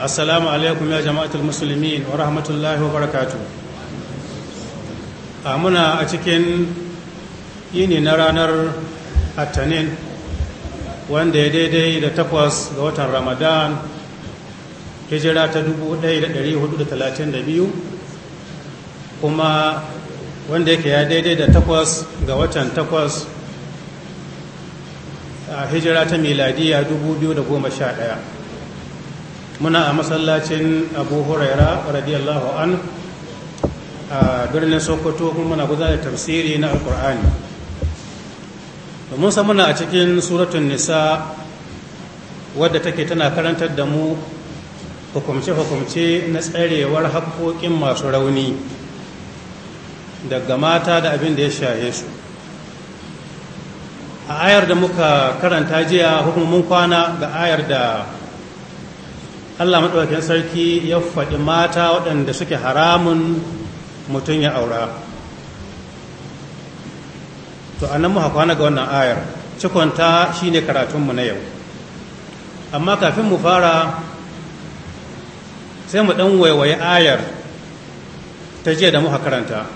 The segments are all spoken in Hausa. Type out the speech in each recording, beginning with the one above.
assalamu alaikum ya jama'atul musulmin wa rahmatullahi wa barakatu a muna a cikin yini na ranar attanin wanda ya daidai da takwas ga watan ramadan hijira ta 1432 kuma wanda yake ya daidai da takwas ga watan takwas a hijira ta miladiya 2011 muna a masallacin abu huraira radiyallahu an a birnin sokoto kuma muna gudanar da tafsiri na alkur'ani domin muna a cikin suratun nisa wadda take tana karantar da mu hukumce-hukumce na tsarewar haƙoƙin masu rauni daga mata da abin da ya shaye su a ayar da muka karanta jiya hukumin kwana ga ayar da Allah maɗaukakin sarki ya faɗi mata waɗanda suke haramun mutum ya aura to a nan muka kwana ga wannan ayar cikonta shi ne karatunmu na yau amma kafin mu fara sai mu ɗan waiwaye ayar ta jiya da muka karanta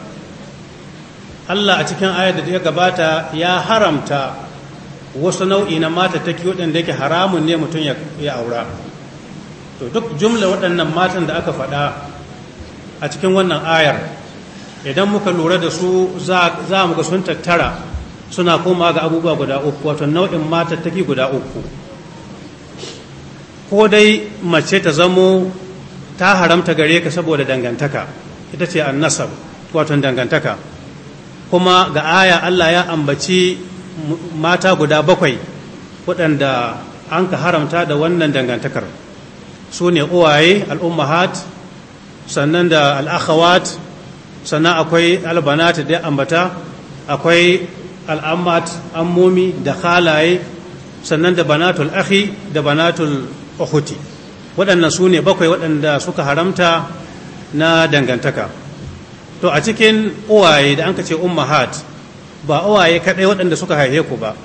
Allah a cikin ayar da ya gabata ya haramta wasu nau'i na mata take waɗanda yake haramun ne mutum ya aura to duk jumla waɗannan matan da aka faɗa a cikin wannan ayar idan muka lura da su za mu ga sun tattara suna koma ga abubuwa guda uku wato nau'in matattaki guda uku ko dai mace ta zamo ta haramta gare ka saboda dangantaka ita ce nasar wato dangantaka kuma ga aya Allah ya ambaci mata guda bakwai waɗanda an ka haramta da wannan dangantakar su ne uwaye al'ummahat sannan da al'akhawat sannan akwai albanat da ambata akwai al'ammat ammomi da halaye sannan da banatul akhi da banatul waɗannan su ne bakwai waɗanda suka haramta na dangantaka to a cikin uwaye da an ka ce ummahat ba uwaye kaɗai waɗanda suka haife ku ba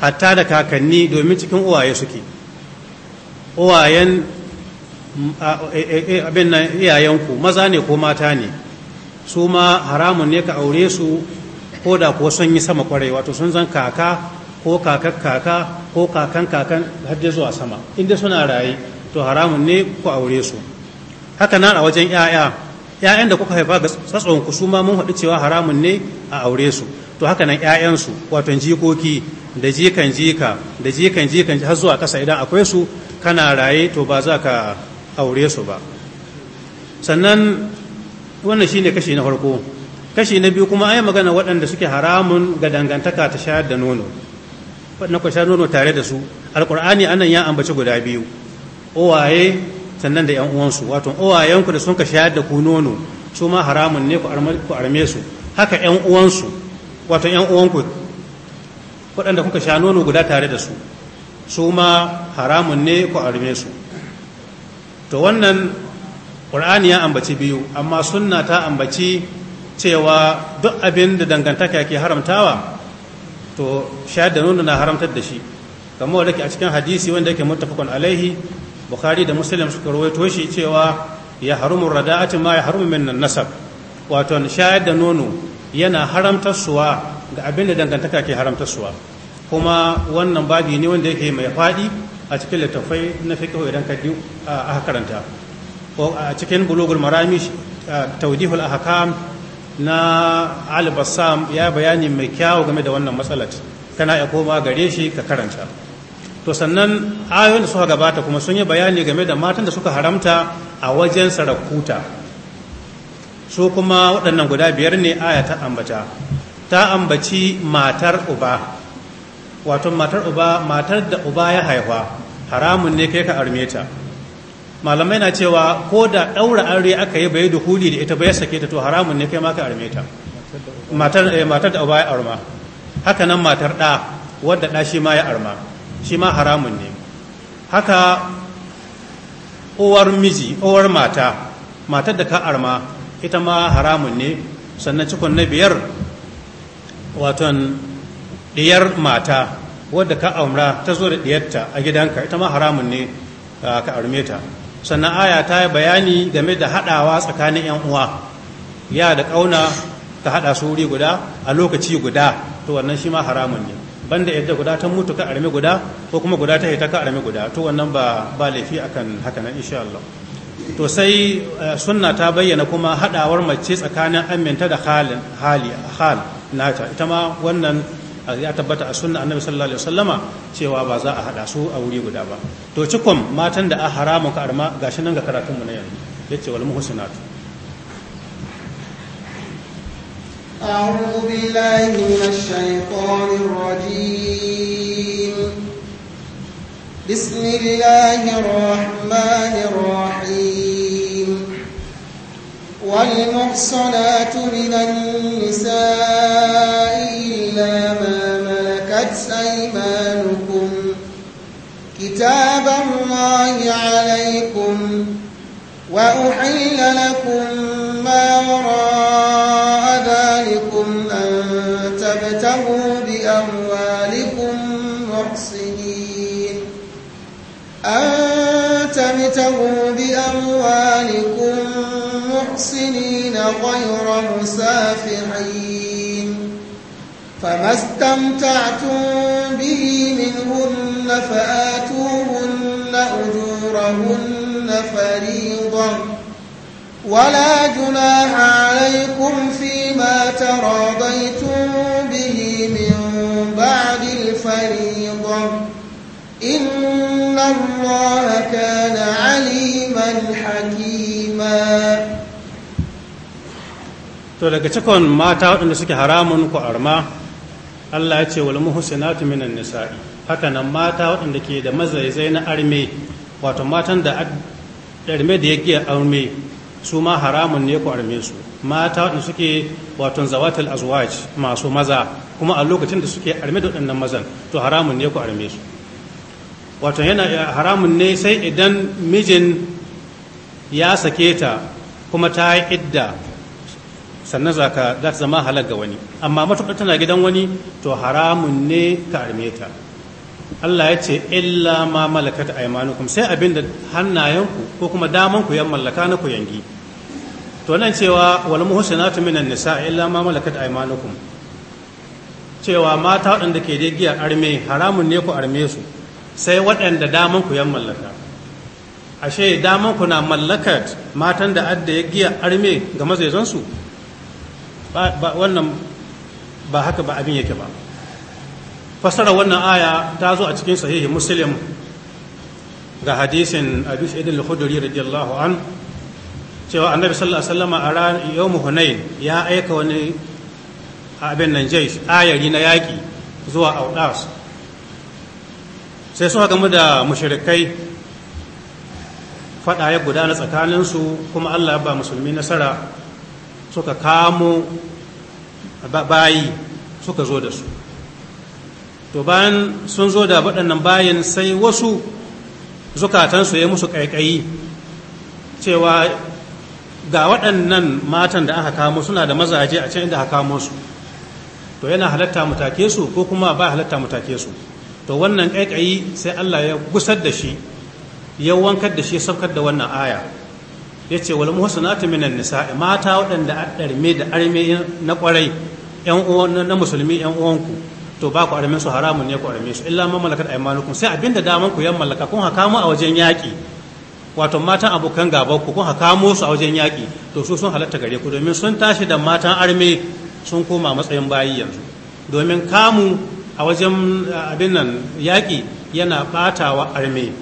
hatta da kakanni domin cikin uwaye suke uwayen abin nan iyayenku maza ne ko mata ne su ma haramun ne ka aure su ko da ko sun yi sama kwarai wato sun zan kaka ko kakan kaka ko kakan kakan har zuwa sama inda suna raye to haramun ne ku aure su haka nan a wajen 'ya'ya ‘ya'yan da kuka haifa ga tsatsonku su ma mun haɗu cewa haramun ne a aure su to haka nan ‘ya'yansu wato jikoki da jikan jika da jikan jikan har zuwa ƙasa idan akwai su kana raye to ba za ka aure su ba sannan wannan shine kashi na farko kashi na biyu kuma ayi magana waɗanda suke haramun ga dangantaka ta shayar da nono waɗanda ku shayar nono tare da su alkur'ani anan ya ambaci guda biyu owaye sannan da yan uwansu wato owayenku da sun ka shayar da ku nono su ma haramun ne ku arme su haka yan uwansu wato yan uwanku waɗanda kuka sha nono guda tare da su su ma haramun ne ku arme su to wannan ƙur'ani ya ambaci biyu amma sunna ta ambaci cewa duk abin da dangantaka ke haramtawa to shayar da nuna na haramtar da shi kamar wadda ke a cikin hadisi wanda yake mutafakon alaihi bukhari da muslim suka rawaito shi cewa ya rada a ma ya harumu min nasab wato shayar da nono yana haramtar suwa ga abin da dangantaka ke haramtar suwa kuma wannan babi ne wanda yake mai faɗi a cikin littafai na kawai idan ka a karanta ko a cikin bulugul marami tawdihul ahkam na al-bassam ya bayani mai kyawu game da wannan matsalar kana ya koma gare shi ka karanta to sannan ayoyin da suka gabata kuma sun yi bayani game da matan da suka haramta a wajen sarakuta su kuma waɗannan guda biyar ne aya ta ambata ta ambaci matar uba wato matar uba matar da uba ya haifa haramun ne kai ka arme ta malamai na cewa ko da ɗaura aure aka yi bai duhuli da ita bai sake ta to haramun ne kai ma ka arme ta eh, matar da uba ya arma haka nan matar ɗa wadda ɗa shi ma ya arma shi ma haramun ne haka uwar miji uwar mata matar da ka arma ita ma haramun ne sannan cikon na biyar waton diyar mata wadda ka amra ta zo da diyarta a gidanka ita ma haramun ne ka arme ta sannan aya ta yi bayani game da haɗawa tsakanin 'yan uwa ya da ƙauna ta haɗa su wuri guda a lokaci guda to wannan shi ma haramun ne banda yadda guda ta mutu ka arme guda ko kuma guda ta haita ka arme guda to wannan ba ba laifi akan haka nan insha Allah to sai sunna ta bayyana kuma haɗawar mace tsakanin aminta da halin hali hal nata ita ma wannan ya tabbata a sunna annabi sallallahu alaihi wasallama cewa ba za a hada su a wuri guda ba to cikon matan da a haramun ka arma gashi nan ga karatun mu na yanzu yace wal muhsinatu أعوذ بالله من الشيطان الرجيم بسم الله الرحمن الرحيم والمحصنات من النساء ملكت أيمانكم كتاب الله عليكم وأحل لكم ما وراء ذلكم أن تبتغوا بأموالكم محصنين أن تبتغوا بأموالكم محصنين غير مسافحين فما استمتعتم به منهن فآتوهن أجورهن فريضا ولا جناح عليكم فيما تراضيتم به من بعد الفريضة إن الله كان عليما حكيما to daga cikon mata waɗanda suke haramun ku arma Allah ya ce wal muhsinatu minan nisa'i haka nan mata waɗanda ke da mazaizai na arme wato matan da arme da yake arme su ma haramun ne ku arme su mata waɗanda suke wato zawatul azwaj masu maza kuma a lokacin da suke arme da waɗannan mazan to haramun ne ku arme su wato yana haramun ne sai idan mijin ya sake ta kuma ta yi idda sannan za ka zama halar ga wani amma matuƙar tana gidan wani to haramun ne ka arme ta Allah ya ce illa ma malakat aymanukum sai abinda hannayenku ko kuma damanku yan mallaka na ku yangi to nan cewa wal muhsinatu minan nisa illa ma malakat aymanukum cewa mata waɗanda ke da giya arme haramun ne ku arme su sai waɗanda damanku yan mallaka ashe damanku na mallakar matan da adda ya giya arme ga mazaizansu wannan ba haka ba abin yake ba fasara wannan aya ta zo a cikin sahihi muslim ga hadisin abu sa'id al radiyallahu an cewa annabi sallallahu alaihi wasallam a ran yau muhunai ya aika wani abin nan ayari na yaƙi zuwa audas sai suka gamu da mushrikai fada ya gudana tsakaninsu kuma Allah ba musulmi nasara suka kamo bayi suka zo da su to bayan sun zo da waɗannan bayan sai wasu zukatansu ya musu ƙaiƙayi cewa ga waɗannan matan da aka kamo suna da mazaje a can inda aka kamo su to yana halatta mutake su ko kuma ba halatta mutake su to wannan ƙaiƙayi sai Allah ya gusar da shi ya wankar da shi ya saukar da wannan aya yace wal muhsanatu minan nisa'i mata waɗanda ɗarme da arme na kwarai yan uwan na musulmi yan uwanku to ba ku arme su haramun ne ku arme su illa ma malakat aymanukum sai abinda daman ku yan mallaka kun haka mu a wajen yaki wato matan abokan gaba ku kun haka mu su a wajen yaki to su sun halatta gare ku domin sun tashi da matan arme sun koma matsayin bayi yanzu domin kamu a wajen eh, abin nan yaki yana batawa arme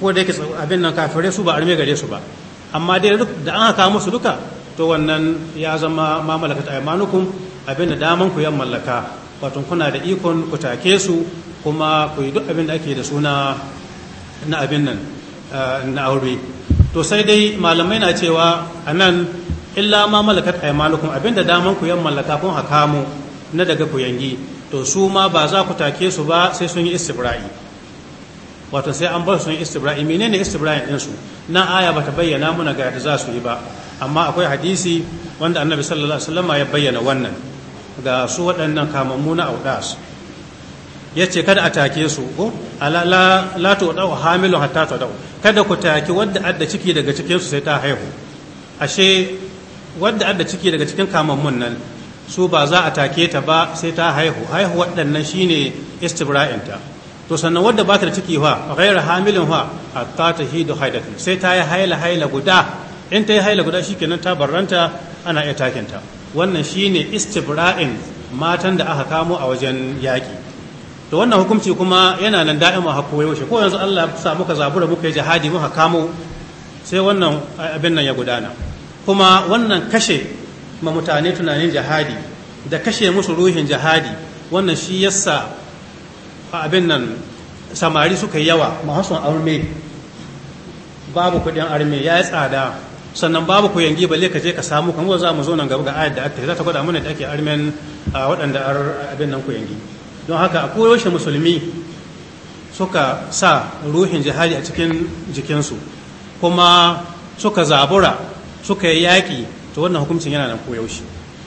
ko da yake abin nan kafirai su ba arme gare su ba amma dai da an haka musu duka to wannan ya zama ma ta aymanukum abin da daman ku yan mallaka wato kuna da ikon ku take su kuma ku yi duk abin da ake da suna na abin nan eh, na aure to sai dai malamai na cewa anan illa ma ta aymanukum abin da daman ku yan mallaka kun haka mu na daga ku yangi to su ma ba za ku take su ba sai sun yi istibra'i wato sai an bar su yin istibra'i menene istibra'i din su nan aya bata bayyana muna ga yadda za su yi ba amma akwai hadisi wanda annabi sallallahu alaihi wasallam ya bayyana wannan ga su waɗannan kamammu na audas ya ce kada a take su ko ala la tu dau hamilu hatta ta dau kada ku take wadda adda ciki daga cikin su sai ta haihu ashe wadda adda ciki daga cikin kamammun nan su ba za a take ta ba sai ta haihu haihu waɗannan shine ta. to sannan wadda ba ta da ciki fa ghairu hamilin fa hatta tahidu haidatan sai ta yi haila haila guda in ta yi haila guda shikenan ta barranta ana iya takinta wannan shine istibra'in matan da aka kamo a wajen yaki to wannan hukunci kuma yana nan da'ima hakuwa yaushe ko yanzu Allah ya sa muka zabura muka yi jihadi muka kamo sai wannan abin nan ya gudana kuma wannan kashe ma mutane tunanin jihadi da kashe musu ruhin jihadi wannan shi yasa abin nan samari suka yi yawa mahasun arme babu kudin arme ya yi tsada sannan babu ku yangi balle ka je ka samu kan za mu zo nan gaba ga ayat da aka za ta gwada mana da ake armen waɗanda ar abin nan ku yangi don haka a koyaushe musulmi suka sa ruhin jihari a cikin jikinsu kuma suka zabura suka yi yaƙi to wannan hukuncin yana nan koyaushe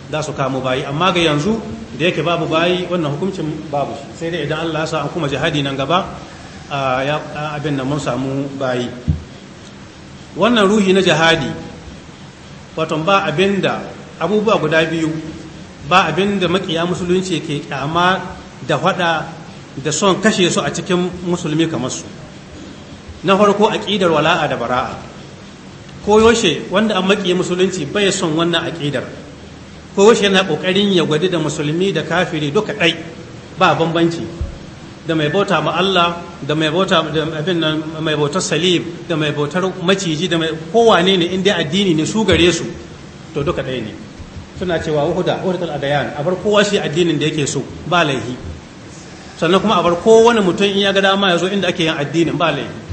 za su kamo bayi amma ga yanzu da yake babu bayi wannan hukuncin babu sai dai idan Allah ya sa an kuma jihadi nan gaba ya abin nan mun samu bayi wannan ruhi na jihadi wato ba abinda abubuwa guda biyu ba abinda makiya musulunci ke kyama da hada da son kashe su a cikin musulmi kamar su na farko aqidar wala'a da bara'a koyoshe wanda an makiya musulunci bai son wannan aqidar ko shi yana kokarin ya gwadi da musulmi da kafiri duka ɗai ba bambanci da mai bauta ma Allah da mai bauta da abin nan mai bautar salim da mai bautar maciji da mai kowane ne inda addini ne su gare su to duka ɗaya ne suna cewa wahuda wahudatul adayan a bar kowa shi addinin da yake so ba laihi sannan kuma a bar kowane mutum in ya ga dama ya zo inda ake yin addinin ba laihi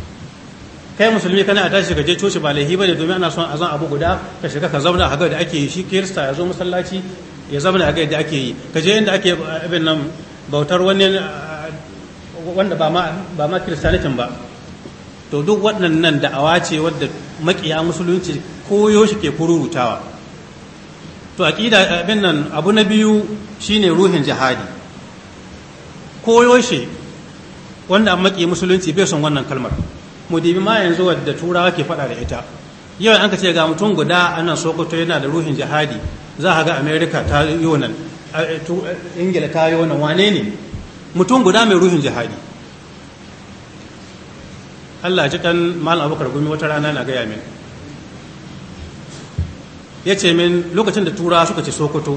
kai musulmi kana a tashi ka je coci ba laihi bane domin ana son a zan abu guda ka shiga ka zauna a da ake yi shi kirista ya zo masallaci ya zauna a da ake yi ka je inda ake abin nan bautar wani wanda ba ma ba ma kiristanitin ba to duk waɗannan awa ce wadda makiya musulunci ko yoshi ke kururutawa to aqida abin nan abu na biyu shine ruhin jihadi ko yoshi wanda maki musulunci bai son wannan kalmar mu dibi ma yanzu wadda turawa ke faɗa da ita yau an ka ce ga mutum guda ana sokoto yana da ruhin jihadi za a ga america ta yi wannan ingila ta yi wannan wane ne mutum guda mai ruhin jihadi allah ji kan malam abokar gumi wata rana na gaya min ya ce min lokacin da turawa suka ce sokoto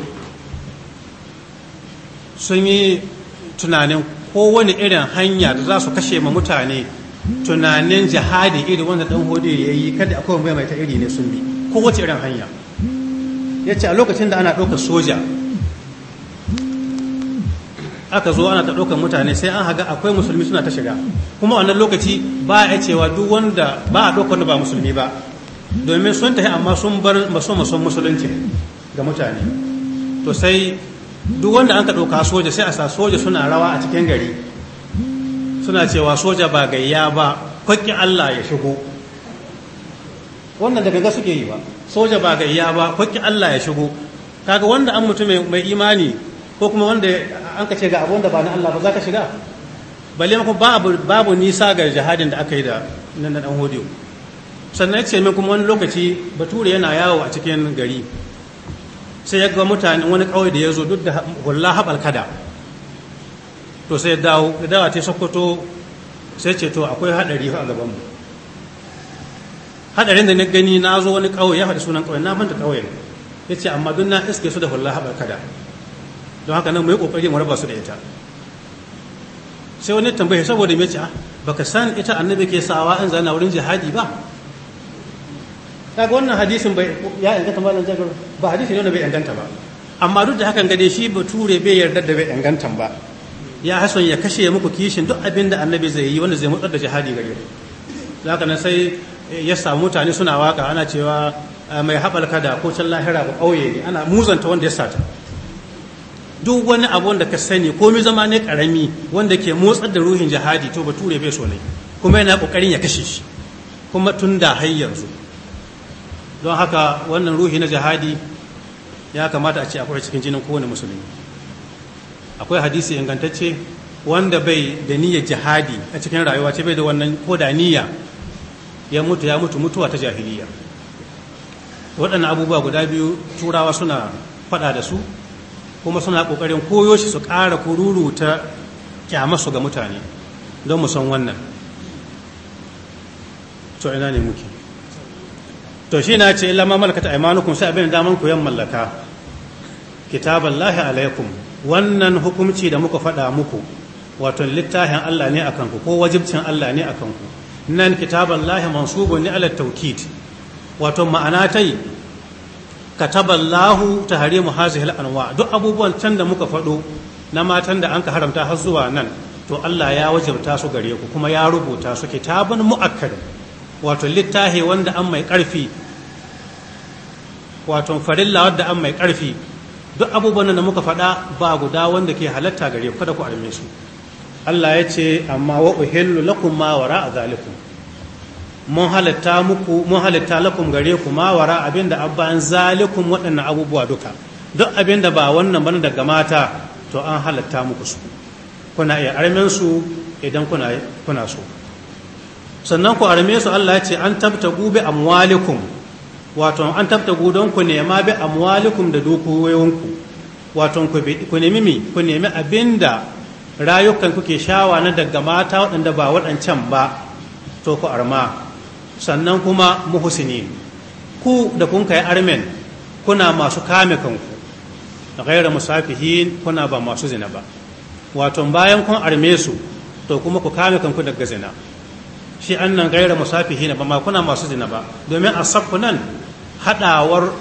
sun yi tunanin kowane irin hanya da za su kashe ma mutane tunanin jihadi iri wanda dan hodi ya yi kada akwai mai mai ta iri ne sun bi ko wace irin hanya ya ce a lokacin da ana ɗaukar soja aka zo ana ta ɗaukar mutane sai an haga akwai musulmi suna ta shiga kuma wannan lokaci ba a cewa duk wanda ba a ɗaukar ba musulmi ba domin sun tafi amma sun bar maso maso musulunci ga mutane to sai duk wanda an ka ɗauka soja sai a sa soja suna rawa a cikin gari suna cewa soja ba gayya ba kwakki Allah ya shigo wannan daga ga suke yi ba soja ba gayya ba kwakki Allah ya shigo kaga wanda an mutum mai imani ko kuma wanda an ka ce ga abun da ba na Allah ba za ka shiga balle babu nisa ga jihadin da aka yi da nan dan hodiyo sannan ya ce min kuma wani lokaci bature yana yawo a cikin gari sai ya ga mutane wani kawai da ya zo duk da hulla haɓal kada to sai dawo da dawa ta sokoto sai ce to akwai hadari a gaban mu hadarin da na gani na zo wani kauye ya faɗi sunan kawai na manta kawai ya ce amma duk na iske su da hula haɓar kada don haka nan mu yi ƙoƙari mu raba su da ita sai wani tambaye saboda mai ce ah, ba ka san ita annabi ke sawa in zana wurin jihadi ba kaga wannan hadisin bai ya inganta malam jabir ba hadisi ne bai inganta ba amma duk da hakan gade shi bature bai yarda da bai inganta ba ya hasan ya kashe muku kishin duk abin da annabi zai yi wanda zai mutsar da jihadi gare ku haka nan sai ya samu mutane suna waka ana cewa ah, mai haɓar kada ko can lahira ko ƙauye ne ana muzanta wanda ya sata duk wani abu wanda ka sani komai zama ne karami wanda ke motsar da ruhin jihadi to ba bature bai so ne kuma yana kokarin ya kashe shi kuma tun da har yanzu don haka wannan ruhi na jihadi ya kamata a ce akwai cikin jinin kowane musulmi akwai hadisi ingantacce wanda bai da niyyar jihadi a cikin rayuwa ce bai da wannan ko da niyya ya mutu ya mutu mutuwa ta jahiliya waɗannan abubuwa guda biyu turawa suna faɗa da su kuma suna ƙoƙarin koyo shi su ƙara kururu ta kyamasu ga mutane don mu san wannan to ina ne muke to shi na ce lamma malakata aimanukum sai abin daman ku yan mallaka kitaballahi alaikum wannan hukumci da muka faɗa muku wato littafin Allah ne akan ku ko wajibcin Allah ne akan ku nan kitaban lahi mansubun ni ala tawkid wato ma'ana tai kataban lahu tahrimu al anwa duk abubuwan can da muka faɗo na matan da an ka haramta har zuwa nan to Allah ya wajibta su gare ku kuma ya rubuta su kitabun mu'akkad wato littafi wanda an mai ƙarfi wato farilla wanda an mai ƙarfi duk abubuwan da muka faɗa ba guda wanda ke halatta gare ku kada ku arme su Allah ya ce amma wa uhillu lakum ma wara zalikum mun halatta muku mun halatta lakum gare ku ma wara abinda abban zalikum waɗannan abubuwa duka duk abinda ba wannan bane daga mata to an halatta muku su kuna iya armen su idan kuna kuna so sannan ku arme su Allah ya ce an tabtagu bi amwalikum wato an tabtagu gudanku ku ma bi amwalikum da dukiyoyinku wato ku nemi mi ku nemi abinda rayukan kuke shawa na daga mata waɗanda ba waɗancan ba to ku arma sannan kuma muhusini ku da kun kai armen kuna masu kame kanku ghaira musafihin kuna ba masu zina ba wato bayan kun arme su to kuma ku kame kanku daga zina shi annan gaira musafihin ba ma kuna masu zina ba domin a nan haɗawar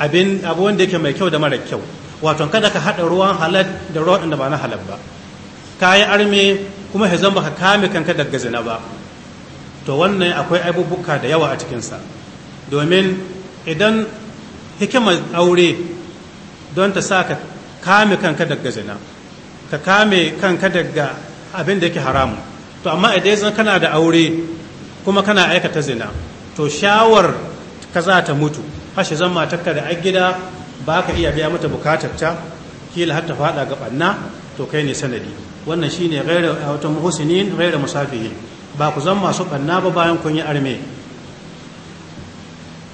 abin abu wanda yake mai kyau da mara kyau wato kada ka haɗa ruwan halal da ruwan da ba na halal ba ka yi arme kuma ya zan ka kame kanka daga zina ba to wannan akwai abubuwa da yawa a cikinsa domin idan hikimar aure don ta sa ka kame kanka daga zina ka kame kanka daga abin da yake haramu to amma idan zan kana da aure kuma kana aikata zina to shawar ka za ta mutu hashe zan matakka da agida gida ba ka iya biya mata bukatar ta kila har ta fada ga banna to kai ne sanadi wannan shine ghairu wata muhsinin ghairu musafihin ba ku zan masu banna ba bayan kun yi arme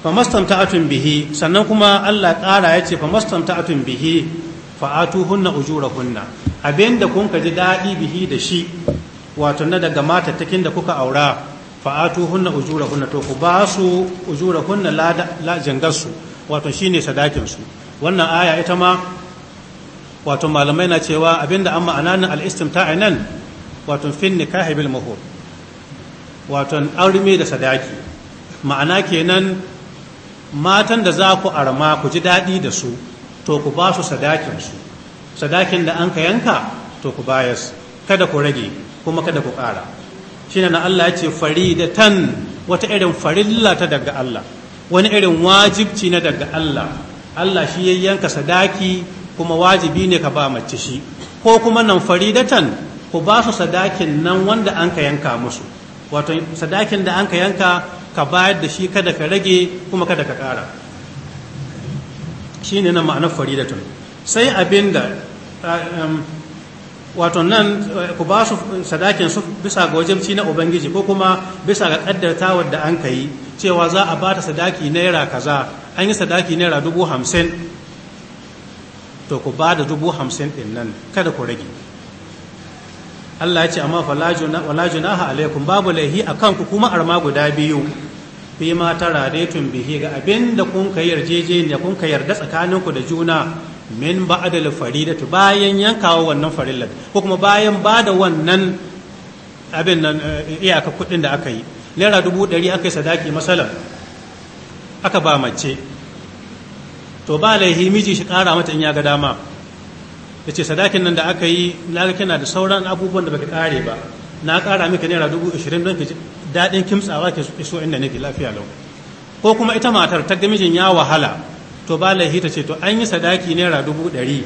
fa mastamta'atun bihi sannan kuma Allah ƙara yace mastamta'atun bihi fa'atuhunna ujurahunna abinda kun ka ji daɗi bihi da shi wato na daga matattakin da kuka aura fa'atu hunna ujura hunna to ku ba su ujura hunna la jangarsu wato ne sadakinsu wannan aya ita ma wato malamai na cewa abinda an ma'ana nan al a nan wato fin ka haibil maho wato rime da sadaki ma'ana kenan matan da za ku arma ku ji daɗi da su to ku ba su sadakinsu sadakin da an ka yanka to ku bayas kada ku rage kuma kada ku ƙara shine na Allah ya ce faridatan wata irin farilla ta daga Allah wani irin wajibci na daga Allah Allah shi ya yanka sadaki kuma wajibi ne ka ba mace shi ko kuma nan faridatan ku ba su sadakin nan wanda an ka yanka musu wato sadakin da an ka yanka ka bayar da shi kada ka rage kuma kada ka ƙara ne na ma'anar faridatun sai abinda ah, wato nan eh, ku ba su sadakin su bisa ga wajibci na ubangiji ko kuma bisa ga kaddarta wadda an ka yi cewa za a ba ta sadaki naira kaza an yi sadaki naira dubu hamsin to ku ba da dubu hamsin din nan kada ku rage Allah ya ce amma falajo junaha alaikum babu laihi akan ku kuma arma guda biyu fi ma tara daitun bihi ga abin da kun ka yarjejeniya kun ka yarda tsakaninku da juna min ba ba'dal faridatu bayan yankawa wannan farillar ko kuma bayan ba da wannan abin nan eh, iyaka kudin da aka yi naira dubu ɗari aka yi sadaki masalan aka ba mace to ba laihi miji shi kara mata in ya ga dama ya ce sadakin nan da aka yi na ga kina da sauran abubuwan da baka ƙare ba na ƙara miki naira dubu ashirin don ki daɗin kimtsawa ke so inda nake lafiya lau ko kuma ita matar ta ga mijin ya wahala to ba laifi ta ce to an yi sadaki naira dubu ɗari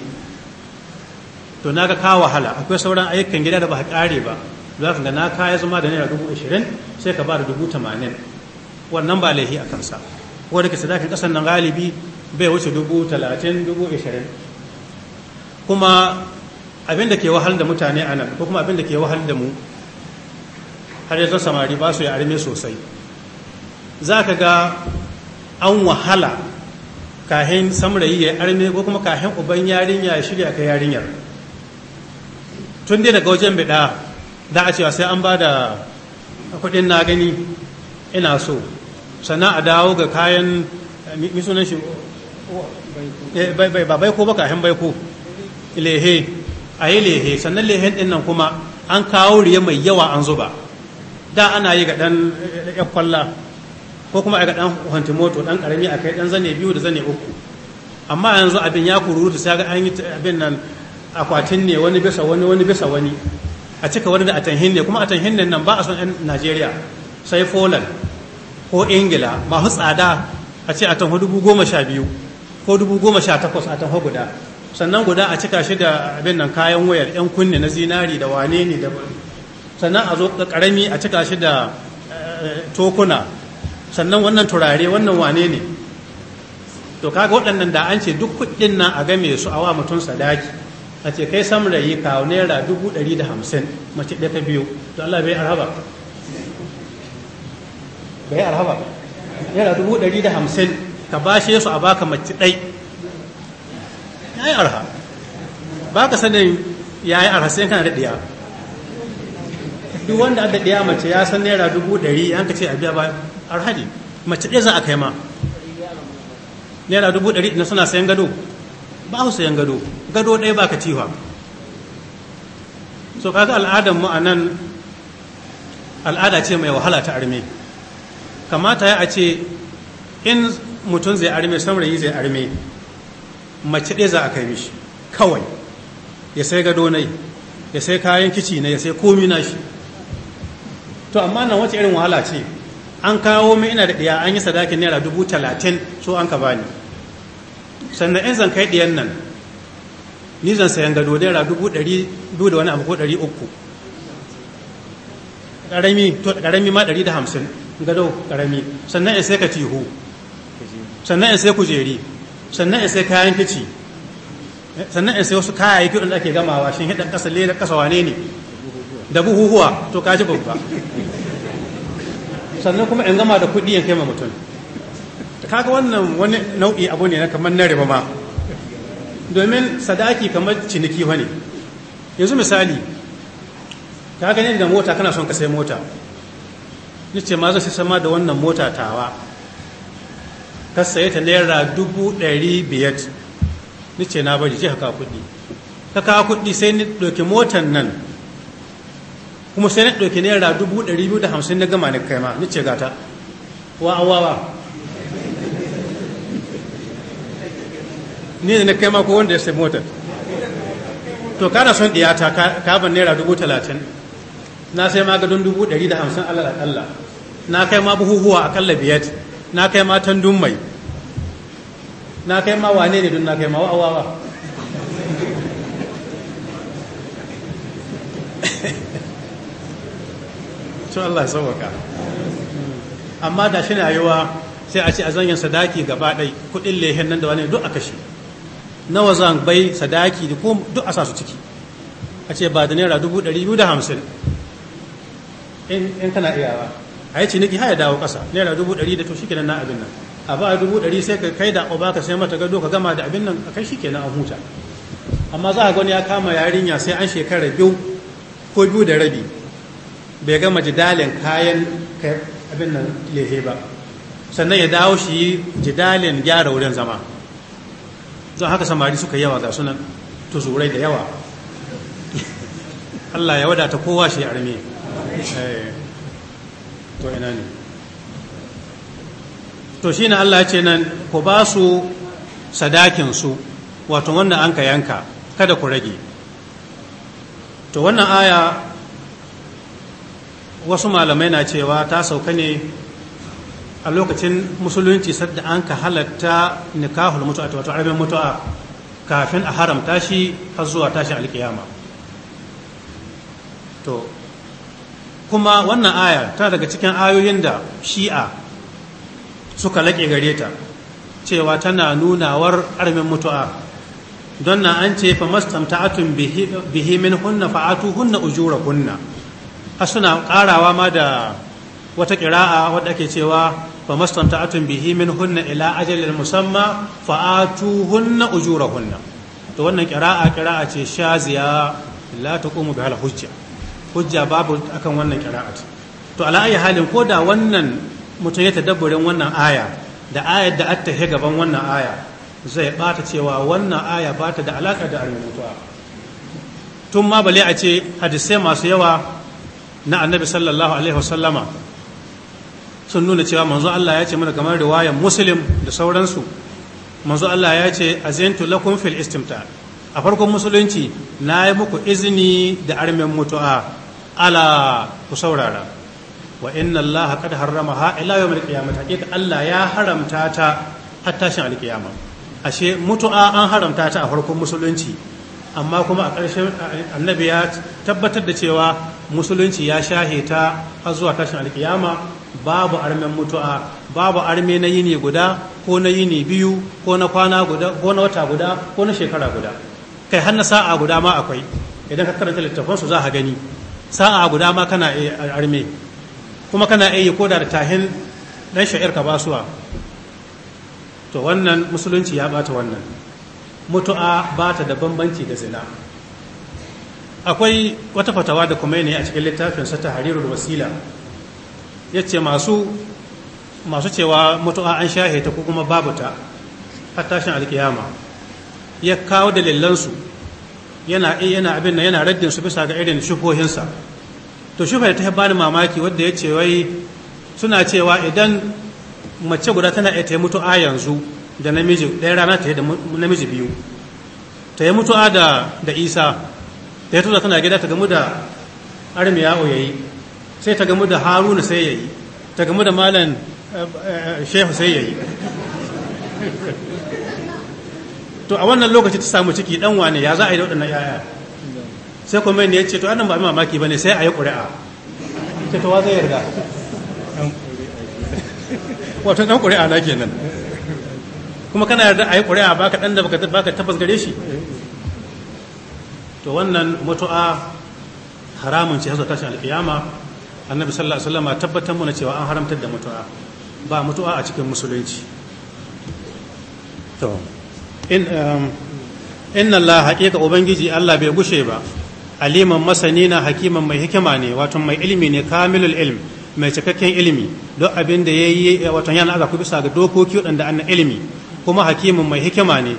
to na ga ka wahala akwai sauran ayyukan gida da ba ƙare ba za ka ga na kaya zama da naira dubu ashirin sai ka ba da dubu tamanin wannan ba laifi a kansa ko da ke sadakin ƙasar nan galibi bai wuce dubu talatin dubu ashirin kuma abin da ke wahal da mutane a nan ko kuma abin da ke wahal da mu har yanzu samari ba su yi arme sosai za ka ga an wahala kahin samrayi ya arme ko kuma kahin uban yarinya ya shirya ka yarinyar tun dai daga wajen bida za a cewa sai an ba da kudin na gani ina so sannan a dawo ga kayan misunan shi eh, ba baiko ba kahin baiko lehe a yi lehe sannan lehen din nan kuma an kawo riya mai yawa an zuba da ana yi ga ɗan kwalla ko kuma a ga dan hanti moto dan karami a kai dan zane biyu da zane uku amma yanzu abin ya kururu sai ga an yi abin nan akwatin ne wani bisa wani wani bisa wani a cika wani da atanhin ne kuma atanhin nan ba a son yan Najeriya sai Poland ko Ingila masu tsada a ce atanhu dubu goma sha biyu ko dubu goma sha takwas a atanhu guda sannan guda a cika shi da abin nan kayan wayar yan kunne na zinari da wane ne da sannan a zo karami a cika shi da eh, tokuna sannan wannan turare wannan wane ne to kaga waɗannan da an ce duk kuɗin nan a game su awa mutum sadaki a ce kai rayi kawo naira dubu ɗari da hamsin mace ɗaya ta biyu to Allah bai arhaba bai arhaba naira dubu ɗari da hamsin ka bashe su a baka mace ɗai ya yi arha ba ka sanin ya yi arha sai kan da ɗiya duk wanda da ɗiya mace ya san naira dubu ɗari an ce a biya ba arhadi mace ɗaya za a kai ma naira dubu ɗari na suna sayan gado ba su sayan gado gado ɗaya ba ka tiwa so kaga al'adar mu a nan al'ada ce mai wahala ta arme kamata ya a ce in mutum zai arme yi zai arme mace ɗaya za a kai mishi kawai ya sai gado nai ya sai kayan kici na ya sai komi na shi to amma nan wace irin wahala ce an kawo mai ina da ɗaya an yi sadakin naira dubu talatin so an ka bani sannan in zan kai ɗiyan nan ni zan sayan gado naira dubu ɗari dubu da wani abu ko ɗari uku ƙarami to ƙarami ma ɗari da hamsin gado ƙarami sannan in sai ka tiho sannan in sai kujeri sannan in sai kayan kici sannan in sai wasu kayayyaki da ake gamawa shi hidan ƙasa leda ƙasa wane ne da buhuhuwa to kaji babba sannan kuma in gama da kuɗi in kai ma mutum kaga wannan wani nau'i abu ne na kamar na riba ma domin sadaki kamar ciniki wani yanzu misali ka gani da mota kana son ka sai mota ni ce ma zai sai sama da wannan mota tawa ka saye ta naira dubu ɗari biyar ni ce na bari je ka kawo kuɗi ka kawo kuɗi sai ni ɗauki motan nan kuma sai na ɗauki naira dubu ɗari biyu da hamsin na gama na kaima ni ce gata wa awa wa ni ne na kaima ko wanda ya sai motar to kana son ɗiyata ka ban naira dubu talatin na sai ma gadon dubu ɗari da hamsin alal na kai ma buhuhuwa akalla biyar na kai ma tandun mai na kai ma wane ne don na kai ma wa awa wa to Allah ya sauwaka amma da shi na yiwa sai a ce a zanyen sadaki gaba ɗai kuɗin lehen nan da wani duk a kashe nawa zan bai sadaki da kuma duk a sa su ciki a ce ba da naira dubu ɗari biyu da hamsin in kana iyawa a yi ciniki haya dawo ƙasa naira dubu ɗari da to shi kenan na abin nan a ba dubu ɗari sai ka kai da oba ka sai mata gado ka gama da abin nan a kai shi kenan a huta amma za a gani ya kama yarinya sai an shekara biyu ko biyu da rabi bai ga majidalin kayan abin nan lehe ba sannan ya dawo shi jidalin gyara wurin zama Zan haka samari suka yawa ga sunan tuzurai da yawa Allah ya wadata kowa shi arme eh, to ina ne to shi na Allah ce nan ku ba su sadakinsu wato wannan an ka yanka kada ku rage to wannan aya wasu malamai na cewa ta sauka ne a lokacin musulunci sadda an ka halatta nikahul mutu'a wato arabin mutu'a kafin a haramta shi har zuwa tashin alkiyama to kuma wannan aya ta daga cikin ayoyin da shi'a suka laƙe gare ta cewa tana nunawar arabin mutu'a don na an ce fa mastamta'atun bihi min hunna fa'atu hunna ujura kunna har suna ƙarawa ma da wata ƙira'a wadda ake cewa fa mastanta atun bihi min hunna ila ajalin musamma fa atu hunna ujura hunna to wannan ƙira'a ƙira'a ce shaziya la taqumu bihal hujja hujja babu akan wannan ƙira'a to ala ayi halin ko da wannan mutum ya tadabburin wannan aya da ayar da atta he gaban wannan aya zai bata cewa wannan aya bata da alaƙa da al tun ma bale a ce hadisai masu yawa na annabi sallallahu alaihi wasallama sun nuna cewa manzo Allah ya ce mana kamar riwayan muslim da sauransu manzo Allah ya ce azintu lakum fil istimta a farkon musulunci na yi muku izini da armen mutu'a ala ku saurara wa inna Allah qad harramaha ila yawm al-qiyamah Allah ya haramta ta har tashin al-qiyama ashe mutu'a an haramta ta a farkon musulunci amma kuma a ƙarshen annabi ya tabbatar da cewa musulunci ya shahe ta har zuwa tashin alkiyama babu armen mutu'a babu arme na yini guda ko na yini biyu ko na kwana guda ko na wata guda ko na shekara guda kai har na sa'a guda ma akwai idan ka karanta littafin su za ka gani sa'a guda ma kana arme kuma kana yi koda da tahin dan sha'ir ka basuwa to wannan musulunci ya bata wannan mutu'a bata da bambanci da zina akwai wata fatawa da kuma ne a cikin littafin Hariru da wasila Ya ce masu cewa mutu'a an shahe ta ko kuma babu ta har tashin alkiyama ya kawo dalilansu yana yana abin nan yana raddin bisa ga irin shufohinsa to shufa ta bani mamaki wadda ya ce wai suna cewa idan mace guda tana iya ta mutu'a yanzu da namiji ɗaya rana ta yi da namiji biyu ta yi mutu'a da isa da ya tuna tana gida ta gamu da armiyawo ya yi sai ta gamu da haruna sai ya yi ta gamu da malam eh, shehu sai ya yi to a wannan lokaci ta samu ciki dan wane ya za a yi da waɗannan yaya sai kuma ne ya ce to annan ba mamaki ba ne sai a yi ƙuri'a ce to wa zai yarda wato ɗan ƙuri'a na kenan kuma kana yarda a yi ƙuri'a ba ka ɗan da ka tabbas gare shi to wannan mutu'a haramun ce hazo tashin alkiyama annabi sallallahu alaihi wasallam tabbatar mana cewa an haramtar da mutu'a ba mutu'a a cikin musulunci to in um, inna Allah haqiqa ubangiji Allah bai gushe ba aliman masani na hakiman mai hikima ne wato mai ilimi ne kamilul ilm mai cikakken ilimi don abin da yayi wato yana aka bisa ga dokoki wadanda annan ilimi kuma hakimin mai hikima ne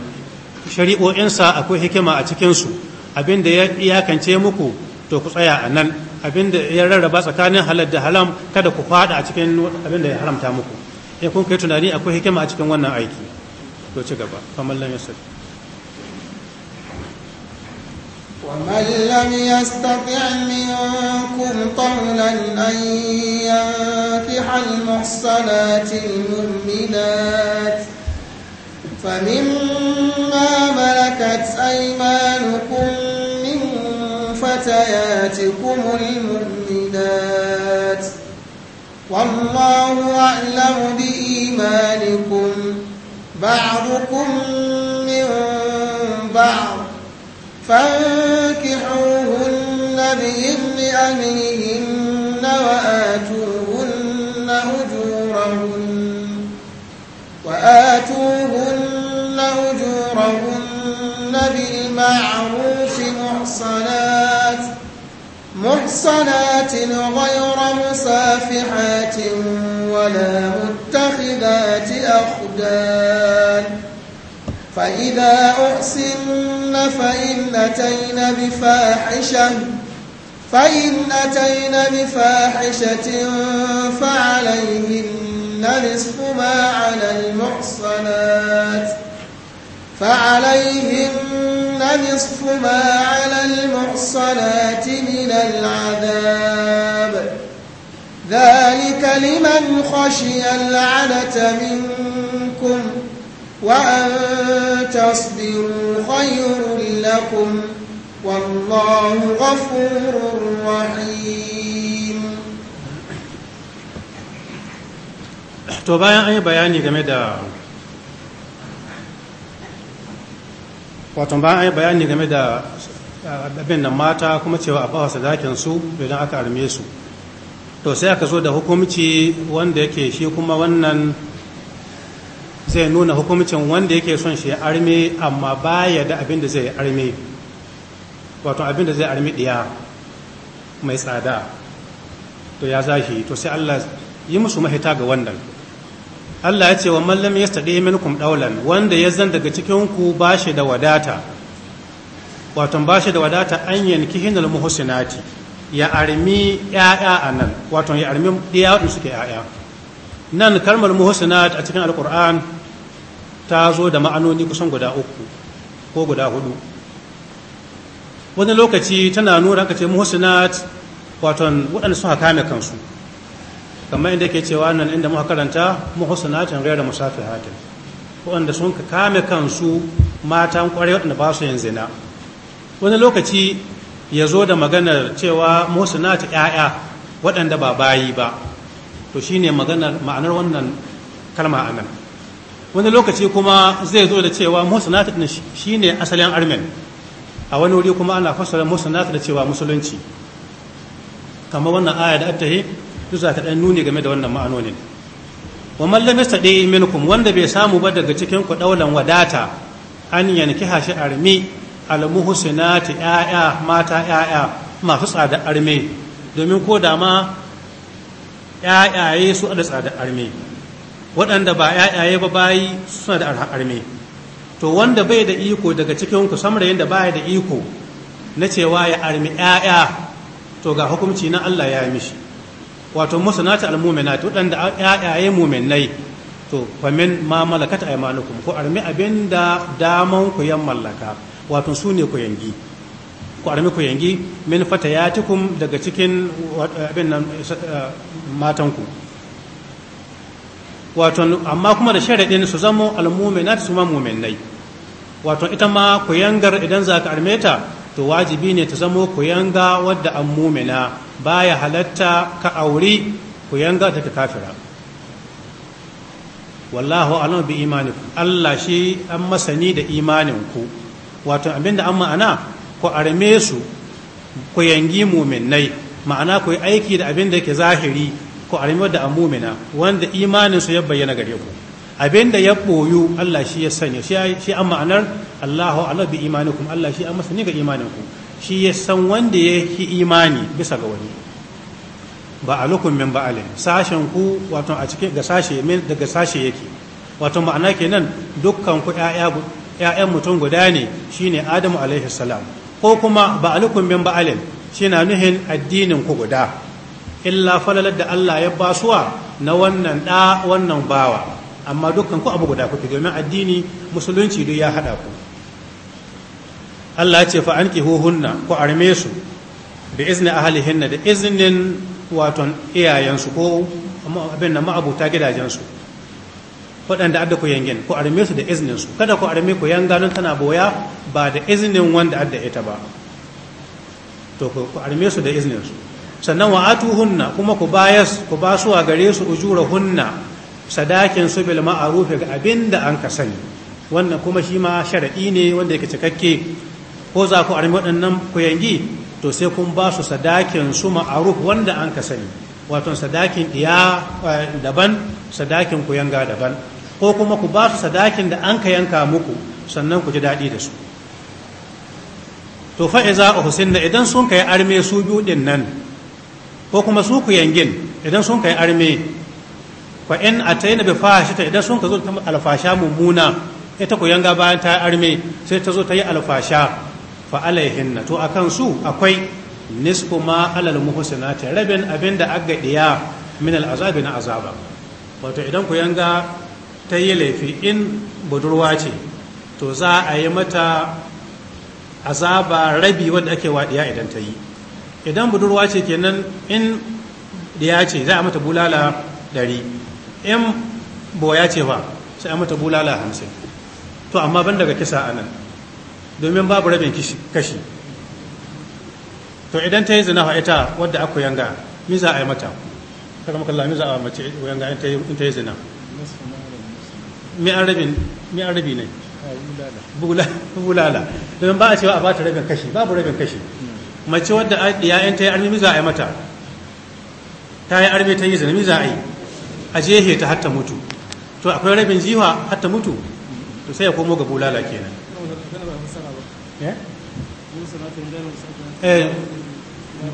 shari'o'insa akwai hikima a cikinsu. abin da ya iyakance muku to ku tsaya a nan abin da ya rarraba tsakanin halal da haram kada ku fada a cikin abin da ya haramta muku in eh, kun kai tunani akwai hikima a cikin wannan aiki to ci gaba kamar lam yasir ومن لم يستطع منكم طولا أن ينكح المحصنات المؤمنات فمما ملكت أيمانكم فتياتكم المؤمنات والله أعلم بإيمانكم بعضكم من بعض فانكحوهن بإذن أمنهن وآتوهن أجورهن وآتوهن أجورهن بالمعروف محصنات غير مسافحات ولا متخذات أخدان فإذا أحسن فإن أتين بفاحشة فإن أتين بفاحشة فعليهن نصف ما على المحصنات ۖ فعليهن نصف ما على المحصنات من العذاب ذلك لمن خشي العنة منكم وأن تصبروا خير لكم والله غفور رحيم to bayan بياني جميل wato yi bayani game da ah, abin nan mata kuma cewa a bawa sadakin su idan aka arme su to sai aka zo da hukumci wanda yake shi kuma wannan zai nuna hukumcin wanda yake son shi arme amma baya da abin da zai arme wato abin da zai arme diya mai tsada to ya zahi to sai Allah yi musu mahita ga wannan Allah ya ce wa mallam ya staɗe minkum ɗaulan wanda ya zan daga cikinku ba shi da wadata wato ba shi da wadata an yanki hinal muhsinati ya armi ‘ya'ya a nan ya armi diya waɗanda suke ‘ya'ya nan kalmar muhsinat a cikin alquran ta zo da ma'anoni kusan guda uku ko guda hudu wani lokaci tana nuna ka ce muhsinat waton waɗanda suka kame kansu kamar inda yake cewa nan inda muka karanta muhsanatin ghayra musafihatin wanda sun ka kame kansu matan kwarai wanda ba su yin zina wani lokaci ya zo da maganar cewa muhsanat ya'ya waɗanda ba bayi ba to shine maganar ma'anar wannan kalma anan wani lokaci kuma zai zo da cewa muhsanat shine asalin armen a wani wuri kuma ana fassara muhsanat da cewa musulunci kamar wannan aya da atahi. duk za ɗan nuni game da wannan ma'anonin wa mallam ya saɗe minkum wanda bai samu ba daga cikin ku ɗaulan wadata an yanki hashi armi almuhusinati ƴaƴa mata ƴaƴa masu tsada armi domin ko da ma ƴaƴaye su da tsada armi waɗanda ba ƴaƴaye ba bayi suna da arha armi to wanda bai da iko daga cikin ku samrayin da baya da iko na cewa ya armi ƴaƴa to ga hukunci na Allah ya yi mishi wato musanata almu'minat wadanda ayaye mu'minai to fa min ma malakat aymanukum ko armi abinda daman ku yan mallaka wato sune ku yangi ku armi ku yangi min fatayatikum daga cikin abin nan eh, matanku wato amma kuma da sharadin su zamo almu'minat su ma mu'minai wato ita ma ku yangar idan za ka arme ta to wajibi ne ta zamo ku yanga wadda an mu'mina baya halatta ka aure ku yanga ta kafira wallahu alam bi imanikum Allah shi an masani da imanin ku wato abinda an ma'ana ku arme su ku yangi muminai ma'ana ku yi aiki da abinda yake zahiri ku arme da mu'mina wanda imanin su ya bayyana gare ku abinda ya boyu Allah shi ya sanya shi an ma'anar Allahu alam bi imanikum Allah shi an masani ga imanin ku shi ya san wanda ya yi imani bisa ga wani ba a min ba'alin sashen ku wato a cikin ga sashe min daga sashe yake wato ma'ana kenan dukkan ku ƴaƴan mutum guda ne shine Adamu alaihi ko kuma ba a lukumin min ba'alin shi na nuhin addinin ku guda illa falalar da Allah ya basuwa na wannan ɗa wannan bawa amma dukkan ku abu guda kuke domin addini musulunci duk ya haɗa ku Allah ce fa hunna ku arme su bi izni hinna da iznin waton iyayensu ko abin da ma'abuta gidajensu waɗanda adda ku yangin ku arme su da iznin su kada ku arme ku yanga don tana boya ba da iznin wanda adda ita ba to ku arme su da iznin su sannan wa hunna kuma ku bayas ku ba su a gare su hunna sadakin su bil ma'ruf ga abin da an ka sani wannan kuma shi ma sharadi ne wanda yake cikakke ko za ku armi waɗannan kuyangi to sai kun ba su sadakin su ma'aruf wanda an ka sani wato sadakin iya eh, daban sadakin kuyanga daban ko kuma ku ba su sadakin da an ka yanka muku sannan ku ji daɗi da su to fa'iza a da idan sun ka yi arme su biyu ɗin nan ko kuma su ku yangin idan sun ka yi arme fa in a ta yi na ta idan sun ka zo alfasha mummuna ita ku bayan ta yi arme sai ta zo ta yi alfasha fa na to akan su akwai nisfu ma alal ta rabin abin da aga ɗiya min al'azabi na azaba wato idan ku yanga ta yi laifi in budurwa ce to za a yi mata azaba rabi wanda ake waɗiya idan ta yi idan budurwa ce kenan in ɗiya ce za a mata bulala ɗari, in boya ce ba sai a mata bulala hamsin to amma ban daga kisa anan domin babu rabin kashi to idan ta yi zina fa ita wadda aka yanga mi za a yi mata kaga maka Allah mi za a mace yanga in ta yi zina mi an rabin mi an rabi ne bulala domin ba a cewa a ba ta rabin kashi babu rabin kashi mace wadda ya in ta yi armi mi za a yi mata ta yi armi ta yi zina mi za a yi a jehe ta hatta mutu to akwai rabin jiwa hatta mutu to sai ya komo ga bulala kenan Eh? Eh,